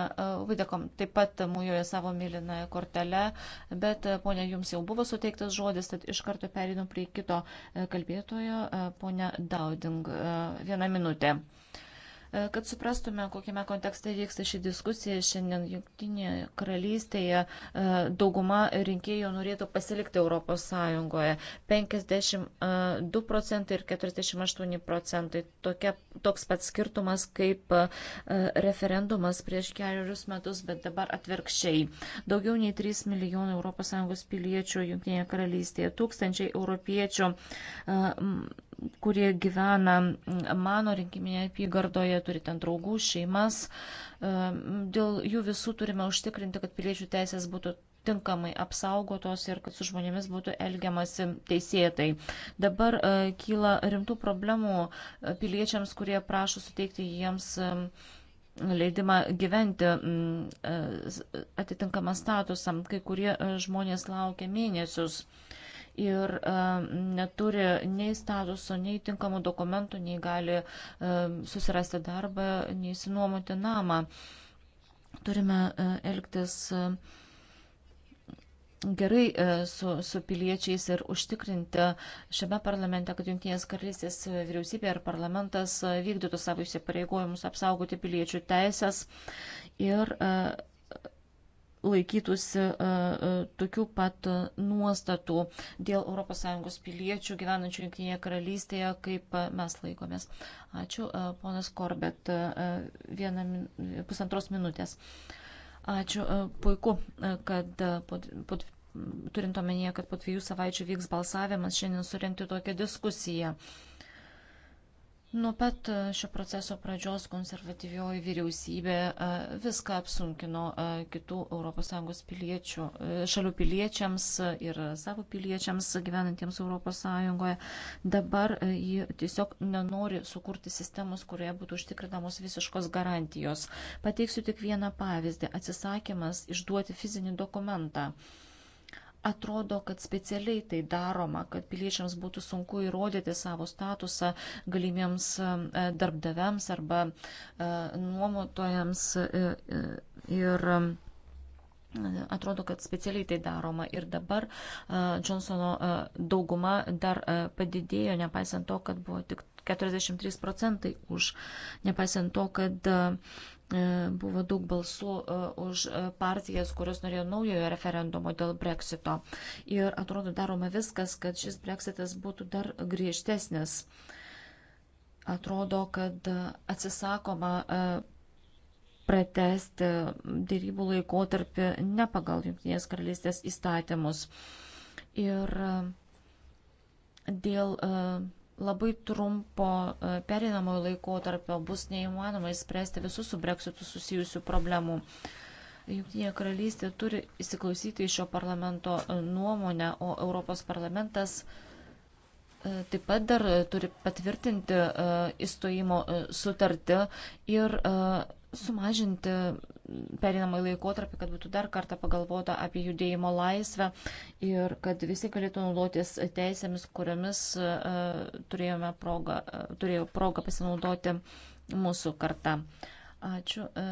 Videkom taip pat mūjoje savo mylinąją kortelę, bet e, ponia jums jau buvo suteiktas žodis, tad iš karto perinu prie kito e, kalbėtojo, e, ponia Dauding. Viena minutė. E, kad suprastume, kokiame kontekste vyksta ši diskusija, šiandien Junktinėje karalystėje e, dauguma rinkėjų norėtų pasilikti Europos Sąjungoje. 52 procentai ir 48 procentai. Tokia, toks pats skirtumas kaip e, referendumas prieš keliarius metus, bet dabar atvirkščiai. Daugiau nei 3 milijonai Europos Sąjungos piliečių Junktinėje karalystėje, tūkstančiai europiečių kurie gyvena mm, mano rinkiminėje apygardoje, turi ten draugų, šeimas. E, dėl jų visų turime užtikrinti, kad piliečių teisės būtų tinkamai apsaugotos ir kad su žmonėmis būtų elgiamasi teisėtai. Dabar e, kyla rimtų problemų e, piliečiams, kurie prašo suteikti jiems leidimą gyventi mm, atitinkamą statusą. Kai kurie žmonės laukia mėnesius ir e, neturi nei statuso, nei tinkamų dokumentų, nei gali e, susirasti darbą, nei įsinuomoti namą. Turime e, elgtis gerai su, su piliečiais ir užtikrinti šiame parlamente, kad Junktinės karalystės vyriausybė ir parlamentas vykdytų savo įsipareigojimus apsaugoti piliečių teisės ir laikytųsi e, e, tokių pat e, nuostatų dėl ES piliečių gyvenančių Junktinėje karalystėje, kaip mes laikomės. Ačiū, ponas Korbet, vieną, pusantros minutės. Ačiū, puiku, kad po, po, turint omenyje, kad po dviejų savaičių vyks balsavimas, šiandien surinkti tokią diskusiją. Nuo pat e, šio proceso pradžios konservatyvioji vyriausybė e, viską apsunkino e, kitų ES piliečių, šalių piliečiams ir savo piliečiams gyvenantiems ES. Dabar ji tiesiog nenori sukurti sistemos, kurioje būtų užtikrinamos visiškos garantijos. Pateiksiu tik vieną pavyzdį - atsisakymas išduoti fizinį dokumentą. Atrodo, kad specialiai tai daroma, kad piliečiams būtų sunku įrodyti savo statusą galimiems e, darbdaviams arba e, nuomotojams. E, ir Atrodo, kad specialiai tai daroma ir dabar Johnsono dauguma dar padidėjo, nepaisant to, kad buvo tik 43 procentai už, nepaisant to, kad E, buvo daug balsų e, už e, partijas, kurios norėjo naujojo referendumo dėl breksito. Ir atrodo daroma viskas, kad šis breksitas būtų dar griežtesnis. Atrodo, kad atsisakoma pratesti dėrybų laikotarpį ne pagal Junktinės karalystės įstatymus. Ir dėl uh, labai trumpo e, perinamojo laikotarpio bus neįmanoma įspręsti visus su breksitu susijusių problemų. Junktinė karalystė turi įsiklausyti iš šio parlamento e, nuomonę, o Europos parlamentas e, taip pat dar turi patvirtinti įstojimo sutartį ir sumažinti perinamai laikotarpį, kad būtų dar kartą pagalvota apie judėjimo laisvę ir kad visi galėtų naudotis teisėmis, kuriomis e, turėjome progą, e, turėjo progą pasinaudoti mūsų karta. Ačiū. E,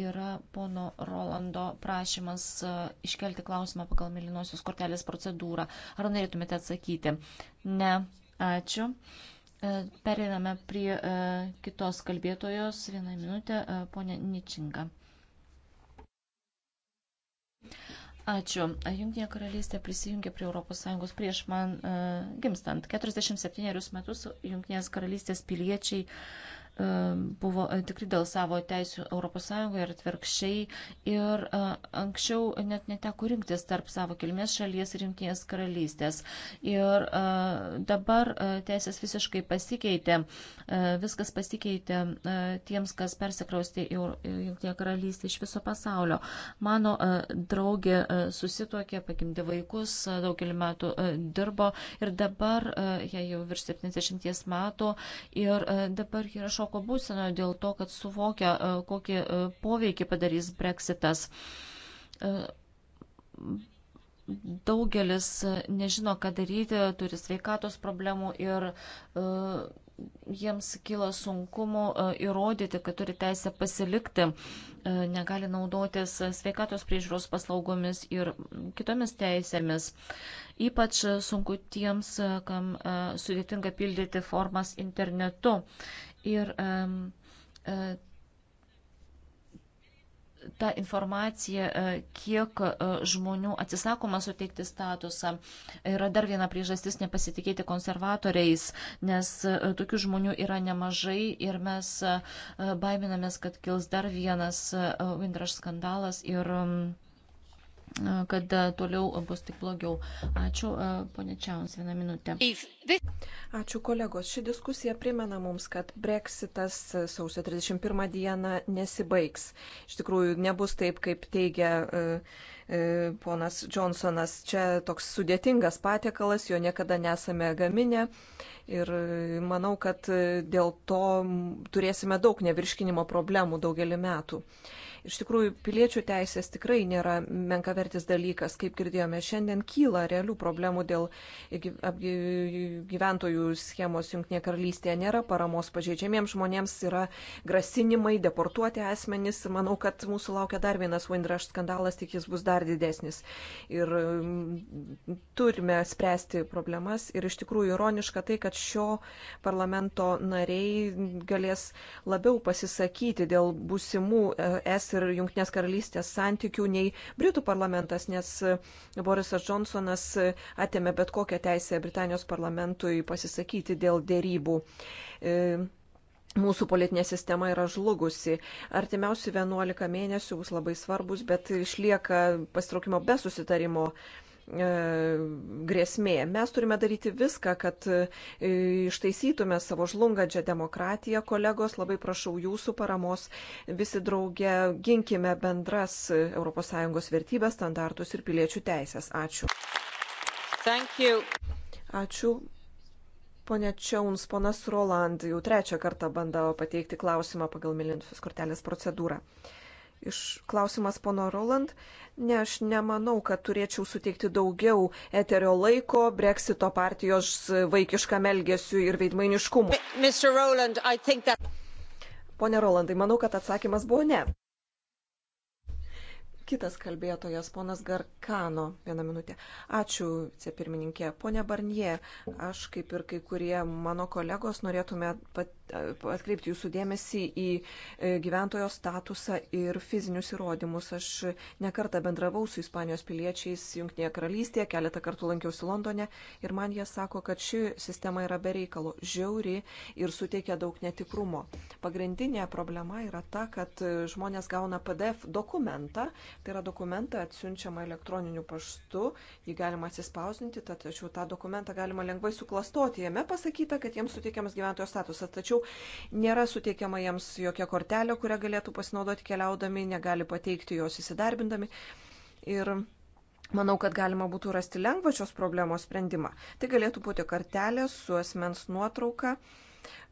yra pono Rolando prašymas iškelti klausimą pagal mėlynosios kortelės procedūrą. Ar norėtumėte atsakyti? Ne. Ačiū. Pereiname prie kitos kalbėtojos. Vieną minutę, ponė Ničinga. Ačiū. Junktinė karalystė prisijungė prie ES prieš man uh, gimstant. 47 metus Junktinės karalystės piliečiai E, buvo e, tikri dėl savo teisų ES ir atvirkščiai. Ir e, anksčiau net neteko rinktis tarp savo kilmės šalies ir rimties karalystės. Ir dabar teisės visiškai pasikeitė. Viskas pasikeitė tiems, kas persikraustė į Junktinę karalystę iš viso pasaulio. Mano draugė susituokė, pagimdė vaikus, daugelį metų dirbo ir dabar jai jau virš 70 metų ir dabar ji rašo šoko būsenoje dėl to, kad suvokia, e, kokį e, poveikį padarys breksitas. E, daugelis nežino, ką daryti, turi sveikatos problemų ir jiems kyla sunkumų įrodyti, kad turi teisę pasilikti, negali naudotis sveikatos priežiūros paslaugomis ir kitomis teisėmis. Ypač e, sunku tiems, e, kam e, sudėtinga pildyti formas internetu. Ir ta informacija, kiek žmonių atsisakoma suteikti statusą, yra dar viena priežastis nepasitikėti konservatoriais, nes tokių žmonių yra nemažai ir mes baiminamės, kad kils dar vienas Windrush skandalas ir kad e, toliau bus tik blogiau. Ačiū, e, ponė Čiaus, vieną minutę. Ačiū, kolegos. Ši diskusija primena mums, kad breksitas e, sausio 31 dieną nesibaigs. Iš tikrųjų, nebus taip, kaip teigia ponas Johnsonas. Čia toks sudėtingas patiekalas, jo niekada nesame gaminę. Ir manau, kad dėl to turėsime daug nevirškinimo problemų daugelį metų. Iš tikrųjų, piliečių teisės tikrai nėra menkavertis dalykas, kaip girdėjome. Šiandien kyla realių problemų dėl gyventojų schemos Junktinėje karalystėje. Nėra paramos pažeidžiamiems žmonėms, yra grasinimai, deportuoti asmenys. Manau, kad mūsų laukia dar vienas Windrash skandalas, tik jis bus dar didesnis. Ir mm, turime spręsti problemas. Ir iš tikrųjų ironiška tai, kad šio parlamento nariai galės labiau pasisakyti dėl būsimų e, es ir Junktinės karalystės santykių nei Britų parlamentas, nes Borisas Johnsonas atėmė bet kokią teisę Britanijos parlamentui pasisakyti dėl dėrybų. E, mūsų politinė sistema yra žlugusi. Artimiausi 11 mėnesių bus labai svarbus, bet išlieka pasitraukimo be susitarimo E, grėsmė. Mes turime daryti viską, kad e, ištaisytume savo žlungančią demokratiją. Kolegos, labai prašau jūsų paramos. Visi drauge ginkime bendras ES vertybės, standartus ir piliečių teisės. Ačiū. Ačiū. Pone Čiauns, ponas Roland jau trečią kartą bandavo pateikti klausimą pagal Milintusios kortelės procedūrą iš klausimas pono Roland. Ne, aš nemanau, kad turėčiau suteikti daugiau eterio laiko Brexito partijos vaikiškam elgesiu ir veidmainiškumu. Roland, that... Pone Rolandai, manau, kad atsakymas buvo ne. Kitas kalbėtojas, ponas Garkano, vieną minutę. Ačiū, vicepirmininkė. Pone Barnie, aš kaip ir kai kurie mano kolegos norėtume pat atkreipti jūsų dėmesį į e, gyventojo statusą ir fizinius įrodymus. Aš nekartą bendravau su Ispanijos piliečiais Junktinėje karalystėje, keletą kartų lankiausi Londone ir man jie sako, kad ši sistema yra bereikalo žiauri ir suteikia daug netikrumo. Pagrindinė problema yra ta, kad e, žmonės gauna PDF dokumentą, tai yra dokumentą atsiunčiamą elektroniniu paštu, jį galima atsispausdinti, tačiau tą dokumentą galima lengvai suklastoti, jame pasakyta, kad jiems suteikiamas gyventojo statusas. Tačiau tačiau nėra suteikiama jiems jokia kortelė, kurią galėtų pasinaudoti keliaudami, negali pateikti jos įsidarbindami. Ir Manau, kad galima būtų rasti lengvą šios problemos sprendimą. Tai galėtų būti kartelė su asmens nuotrauka,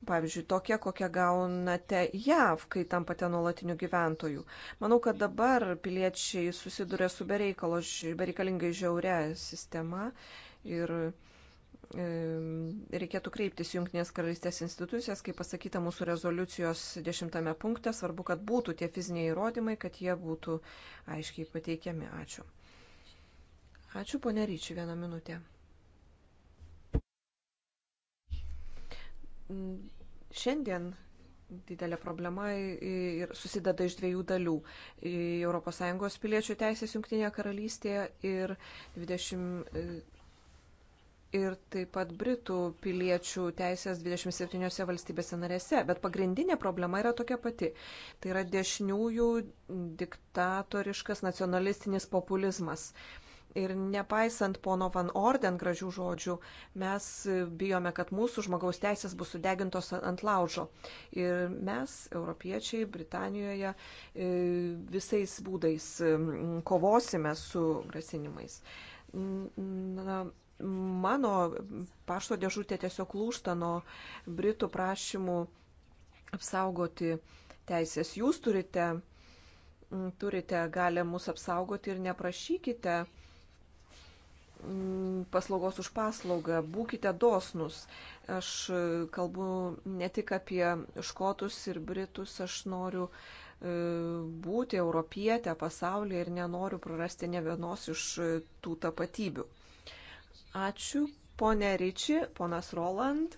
pavyzdžiui, tokia, kokią gaunate JAV, kai tampate nuolatiniu gyventoju. Manau, kad dabar piliečiai susiduria su bereikalingai žiauria sistema ir reikėtų kreiptis Junktinės karalystės institucijas, kaip pasakyta mūsų rezoliucijos dešimtame punkte, svarbu, kad būtų tie fiziniai įrodymai, kad jie būtų aiškiai pateikiami. Ačiū. Ačiū, ponė Ryčiai, vieną minutę. Šiandien didelė problema ir susideda iš dviejų dalių. ES piliečių teisės Junktinėje karalystėje ir 20 ir taip pat Britų piliečių teisės 27 valstybėse narėse. Bet pagrindinė problema yra tokia pati. Tai yra dešiniųjų diktatoriškas nacionalistinis populizmas. Ir nepaisant pono Van Orden gražių žodžių, mes bijome, kad mūsų žmogaus teisės bus sudegintos ant laužo. Ir mes, europiečiai, Britanijoje e, visais būdais kovosime su grasinimais. Na, mano pašto dėžutė tiesiog lūšta nuo Britų prašymų apsaugoti teisės. Jūs turite, turite galę mus apsaugoti ir neprašykite mm, paslaugos už paslaugą, būkite dosnus. Aš e, kalbu ne tik apie škotus ir britus, aš noriu e, būti europietė pasaulyje ir nenoriu prarasti ne vienos iš e, tų tapatybių. Ačiū, ponė Ryči, ponas Roland.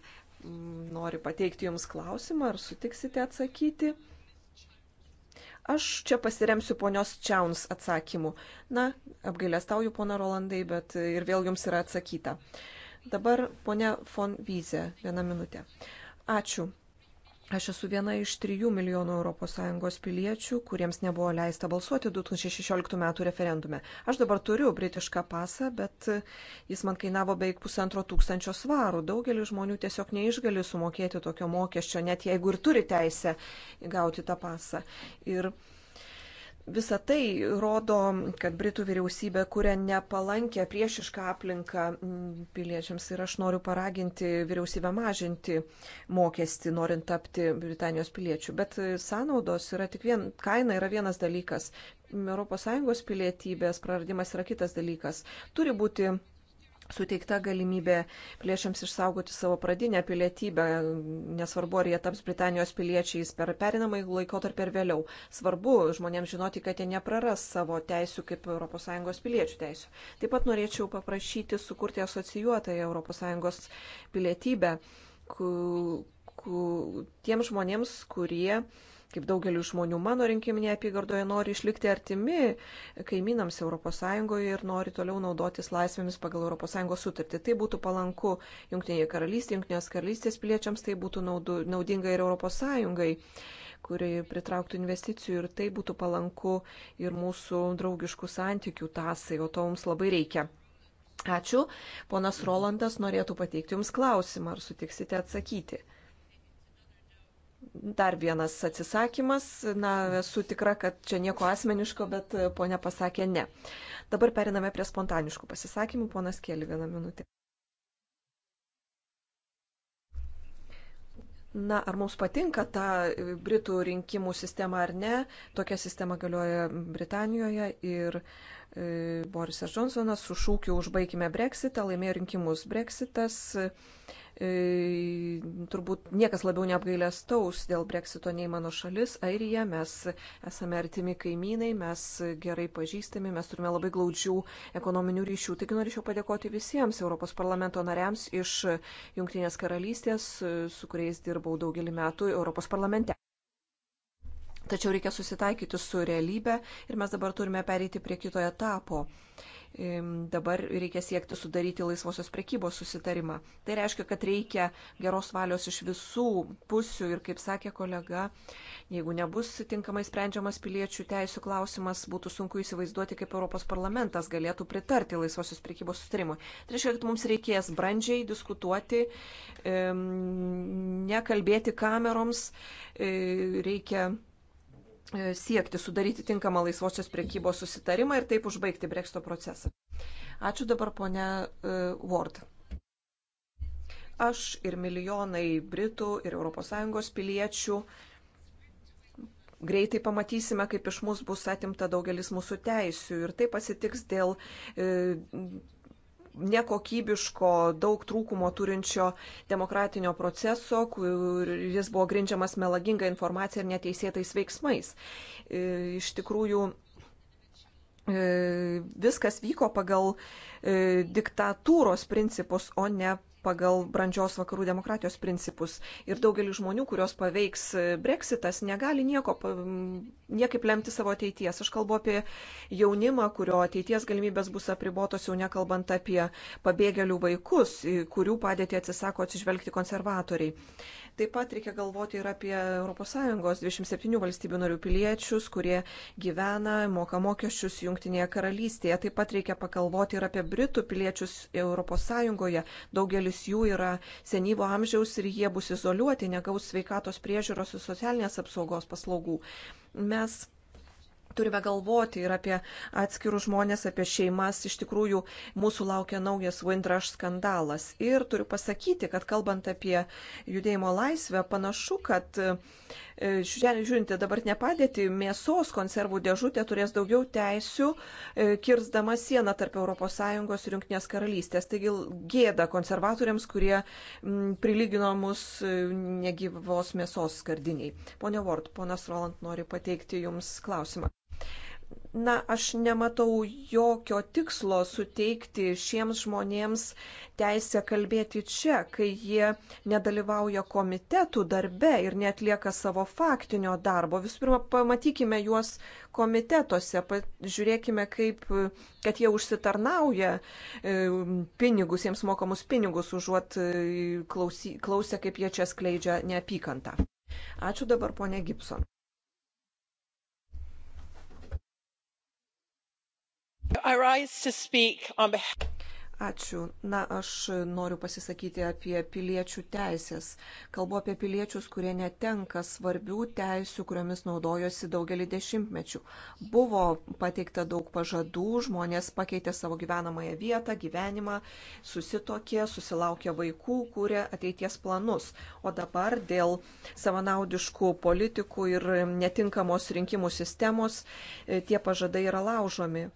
Mm, nori pateikti Jums klausimą, ar sutiksite atsakyti? Aš čia pasiremsiu ponios Čiauns atsakymu. Na, apgailestauju, pona Rolandai, bet ir vėl Jums yra atsakyta. Dabar ponia von Vyze, vieną minutę. Ačiū. Aš esu viena iš 3 milijonų ES piliečių, kuriems nebuvo leista balsuoti 2016 m. referendume. Aš dabar turiu britišką pasą, bet jis man kainavo beveik pusantro tūkstančio svarų. Daugelis žmonių tiesiog neišgali sumokėti tokio mokesčio, net jeigu ir turi teisę gauti tą pasą. Ir uh, Visą tai rodo, kad Britų vyriausybė kuria nepalankę priešišką aplinką mm, piliečiams ir aš noriu paraginti vyriausybę mažinti mokestį, norint tapti Britanijos piliečių. Bet e, sąnaudos yra tik vien, kaina yra vienas dalykas, ES pilietybės praradimas yra kitas dalykas. Turi būti suteikta galimybė plėšiams išsaugoti savo pradinę pilietybę, nesvarbu, ar jie taps Britanijos piliečiais per perinamąjį laikotarpį ar vėliau. Svarbu žmonėms žinoti, kad jie nepraras savo teisų kaip ES piliečių teisų. Taip pat norėčiau paprašyti sukurti asocijuotąją ES pilietybę ku, ku, tiem žmonėms, kurie kaip daugeliu žmonių mano rinkiminėje apygardoje, nori išlikti artimi kaimynams ES ir nori toliau naudotis laisvėmis pagal ES sutartį. Tai būtų palanku Junktinėje karalystėje, Junktinės karalystės piliečiams, tai būtų naudu, naudinga ir ES kuri pritrauktų investicijų ir tai būtų palanku ir mūsų draugiškų santykių tasai, o to mums labai reikia. Ačiū. Ponas Rolandas norėtų pateikti Jums klausimą, ar sutiksite atsakyti. Dar vienas atsisakymas. Na, esu tikra, kad čia nieko asmeniško, bet e, ponia pasakė ne. Dabar periname prie spontaniškų pasisakymų. Ponas Kėlė, vieną minutę. Na, ar mums patinka ta Britų rinkimų sistema ar ne, tokia sistema galioja Britanijoje ir E, Borisas Johnsonas su šūkiu užbaikime breksitą, laimėjo rinkimus breksitas. E, turbūt niekas labiau neapgailestaus dėl breksito nei mano šalis, Airija. Mes esame artimi kaimynai, mes gerai pažįstami, mes turime labai glaudžių ekonominių ryšių. Taigi norėčiau padėkoti visiems Europos parlamento nariams iš Junktinės karalystės, su kuriais dirbau daugelį metų Europos parlamente. Tačiau reikia susitaikyti su realybė ir mes dabar turime pereiti prie kito etapo. Dabar reikia siekti sudaryti laisvosios prekybos susitarimą. Tai reiškia, kad reikia geros valios iš visų pusių ir, kaip sakė kolega, jeigu nebus tinkamai sprendžiamas piliečių teisų klausimas, būtų sunku įsivaizduoti, kaip Europos parlamentas galėtų pritarti laisvosios prekybos susitarimui. Tai reiškia, kad mums reikės brandžiai diskutuoti, nekalbėti kameroms, reikia E, siekti sudaryti tinkamą laisvosios priekybos susitarimą ir taip užbaigti breksto procesą. Ačiū dabar ponia e, Ward. Aš ir milijonai Britų ir ES piliečių greitai pamatysime, kaip iš mūsų bus atimta daugelis mūsų teisių ir tai pasitiks dėl e, nekokybiško, daug trūkumo turinčio demokratinio proceso, kuris buvo grindžiamas melaginga informacija ir neteisėtais veiksmais. E, iš tikrųjų, e, viskas vyko pagal e, diktatūros principus, o ne pagal brandžios vakarų demokratijos principus. Ir daugelis žmonių, kurios paveiks e, breksitas, negali nieko, niekaip lemti savo ateities. Aš kalbu apie jaunimą, kurio ateities galimybės bus apribotos, jau nekalbant apie pabėgėlių vaikus, kurių padėtį atsisako atsižvelgti konservatoriai. Taip pat reikia galvoti ir apie ES 27 valstybių narių piliečius, kurie gyvena, moka mokesčius Junktinėje karalystėje. Taip pat reikia pakalvoti ir apie Britų piliečius ES. Daugelis jų yra senyvo amžiaus ir jie bus izoliuoti, negaus sveikatos priežiūros ir socialinės apsaugos paslaugų. Mes Turime galvoti ir apie atskirus žmonės, apie šeimas. Iš tikrųjų, mūsų laukia naujas Windrush skandalas. Ir turiu pasakyti, kad kalbant apie judėjimo laisvę, panašu, kad e, žiūrinti dabartinę padėtį, mėsos konservų dėžutė turės daugiau teisių, e, kirzdama sieną tarp ES ir Junktinės karalystės. Taigi gėda konservatoriams, kurie prilygino mus e, negyvos mėsos skardiniai. Pone Vort, ponas Roland nori pateikti Jums klausimą. Na, aš nematau jokio tikslo suteikti šiems žmonėms teisę kalbėti čia, kai jie nedalyvauja komitetų darbe ir netlieka savo faktinio darbo. Visų pirma, pamatykime juos komitetuose, žiūrėkime, kaip, kad jie užsitarnauja e, pinigus, jiems mokamus pinigus, užuot e, klausę, kaip jie čia skleidžia neapykantą. Ačiū dabar, ponė Gibson. Ačiū. Na, aš noriu pasisakyti apie piliečių teisės. Kalbu apie piliečius, kurie netenka svarbių teisių, kuriomis naudojosi daugelį dešimtmečių. Buvo pateikta daug pažadų, žmonės pakeitė savo gyvenamąją vietą, gyvenimą, susitokė, susilaukė vaikų, kūrė ateities planus. O dabar dėl savanaudiškų politikų ir netinkamos rinkimų sistemos e, tie pažadai yra laužomi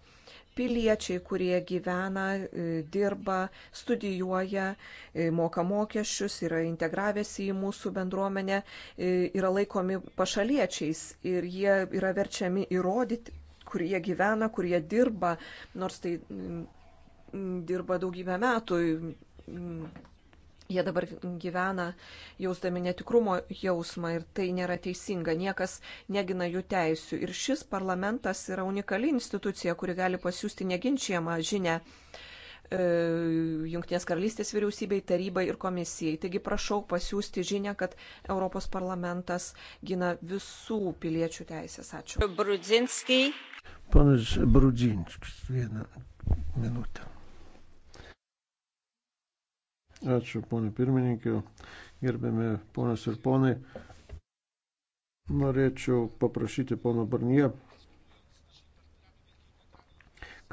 piliečiai, kurie gyvena, e, dirba, studijuoja, e, moka mokesčius, yra integravęsi į mūsų bendruomenę, e, yra laikomi pašaliečiais ir jie yra verčiami įrodyti, kur jie gyvena, kur jie dirba, nors tai mm, mm, dirba daugybę metų mm, Jie dabar gyvena jausdami netikrumo jausmą ir tai nėra teisinga, niekas negina jų teisių. Ir šis parlamentas yra unikali institucija, kuri gali pasiūsti neginčiamą žinę e, Junktinės karalystės vyriausybei, tarybai ir komisijai. Taigi prašau pasiūsti žinę, kad Europos parlamentas gina visų piliečių teisės. Ačiū. Brudzinski. Panas Brudzinskis, vieną minutę. Ačiū, ponė pirmininkė, gerbiami ponės ir ponai. Norėčiau paprašyti pono Barnie,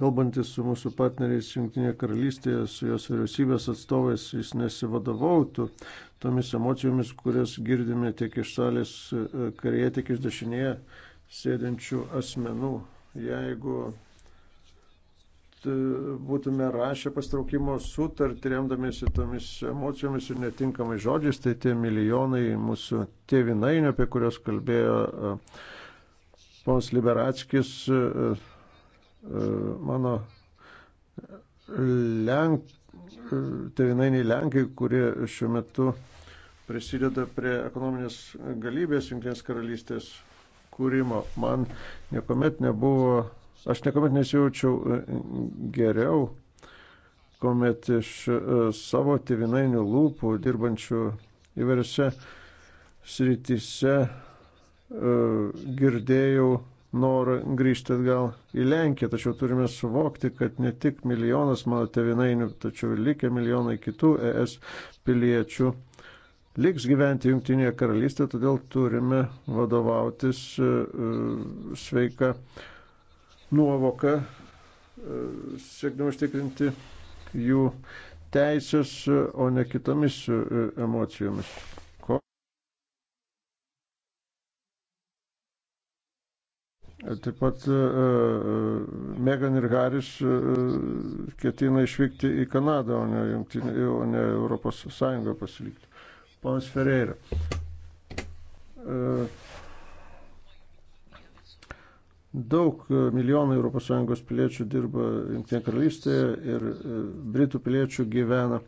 kalbantis su mūsų partneriais Junktinėje karalystėje, su jos vyriausybės atstovais, jis nesivadovautų tomis emocijomis, kurias girdime tiek iš salės e, kairėje, tiek iš dešinėje sėdinčių asmenų. Jeigu E, būtume rašę pastraukimo sutartį, remdamėsi tomis emocijomis ir netinkamai žodžiais, tai tie milijonai mūsų tėvinainių, apie kurios kalbėjo e, pons Liberatskis, e, mano Lenk, tėvinainiai Lenkai, kurie šiuo metu prisideda prie ekonominės galybės Junktinės karalystės kūrimo. Man niekuomet nebuvo Aš niekuomet nesijaučiau e, geriau, kuomet iš e, savo tevinainių lūpų dirbančių įvairiose srityse e, girdėjau norą grįžti atgal į Lenkiją, tačiau turime suvokti, kad ne tik milijonas mano tevinainių, tačiau ir likę milijonai kitų ES piliečių liks gyventi Junktinėje karalystėje, todėl turime vadovautis sveika nuovoką, e, siekdama užtikrinti jų teisės, e, o ne kitomis e, emocijomis. Ko? Taip pat Megan ir Haris ketina išvykti į Kanadą, o ne, jungtinį, o ne Europos Sąjungą pasilikti. Ponas Ferreira. Uh, Daug e, milijonai ES piliečių dirba Junktinė karalystėje ir e, Britų piliečių gyvena.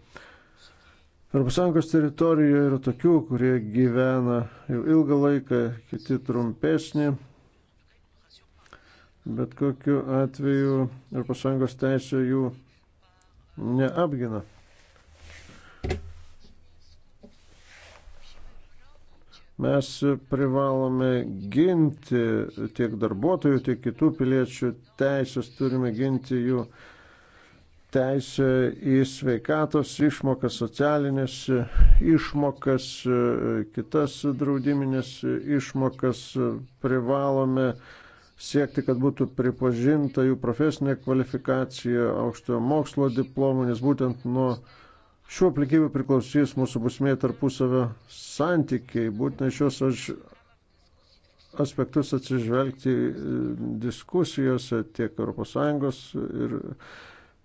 ES teritorijoje yra tokių, kurie gyvena jau ilgą laiką, kiti trumpesnį. Bet kokiu atveju ES teisė jų neapgina. Mes privalome ginti tiek darbuotojų, tiek kitų piliečių teisės, turime ginti jų teisę į sveikatos išmokas, socialinės išmokas, kitas draudiminės išmokas, privalome siekti, kad būtų pripažinta jų profesinė kvalifikacija, aukštojo mokslo diplomų, nes būtent nuo Šiuo aplikybė priklausys mūsų busmėje tarpusavio santykiai. Būtina šios aš aspektus atsižvelgti e, diskusijose tiek ES ir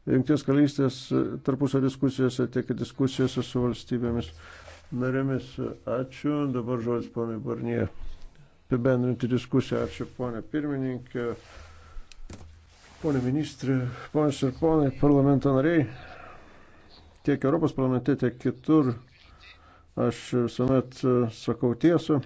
Junktinės karalystės e, tarpusavio diskusijose, tiek diskusijose su valstybėmis narėmis. Ačiū. Dabar žodis ponai Barnie. Apibendrinti diskusiją. Ačiū ponė pirmininkė, ponė ministrė, ponės ir ponai, parlamento nariai tiek Europos parlamente, tiek kitur. Aš visuomet e, sakau tiesą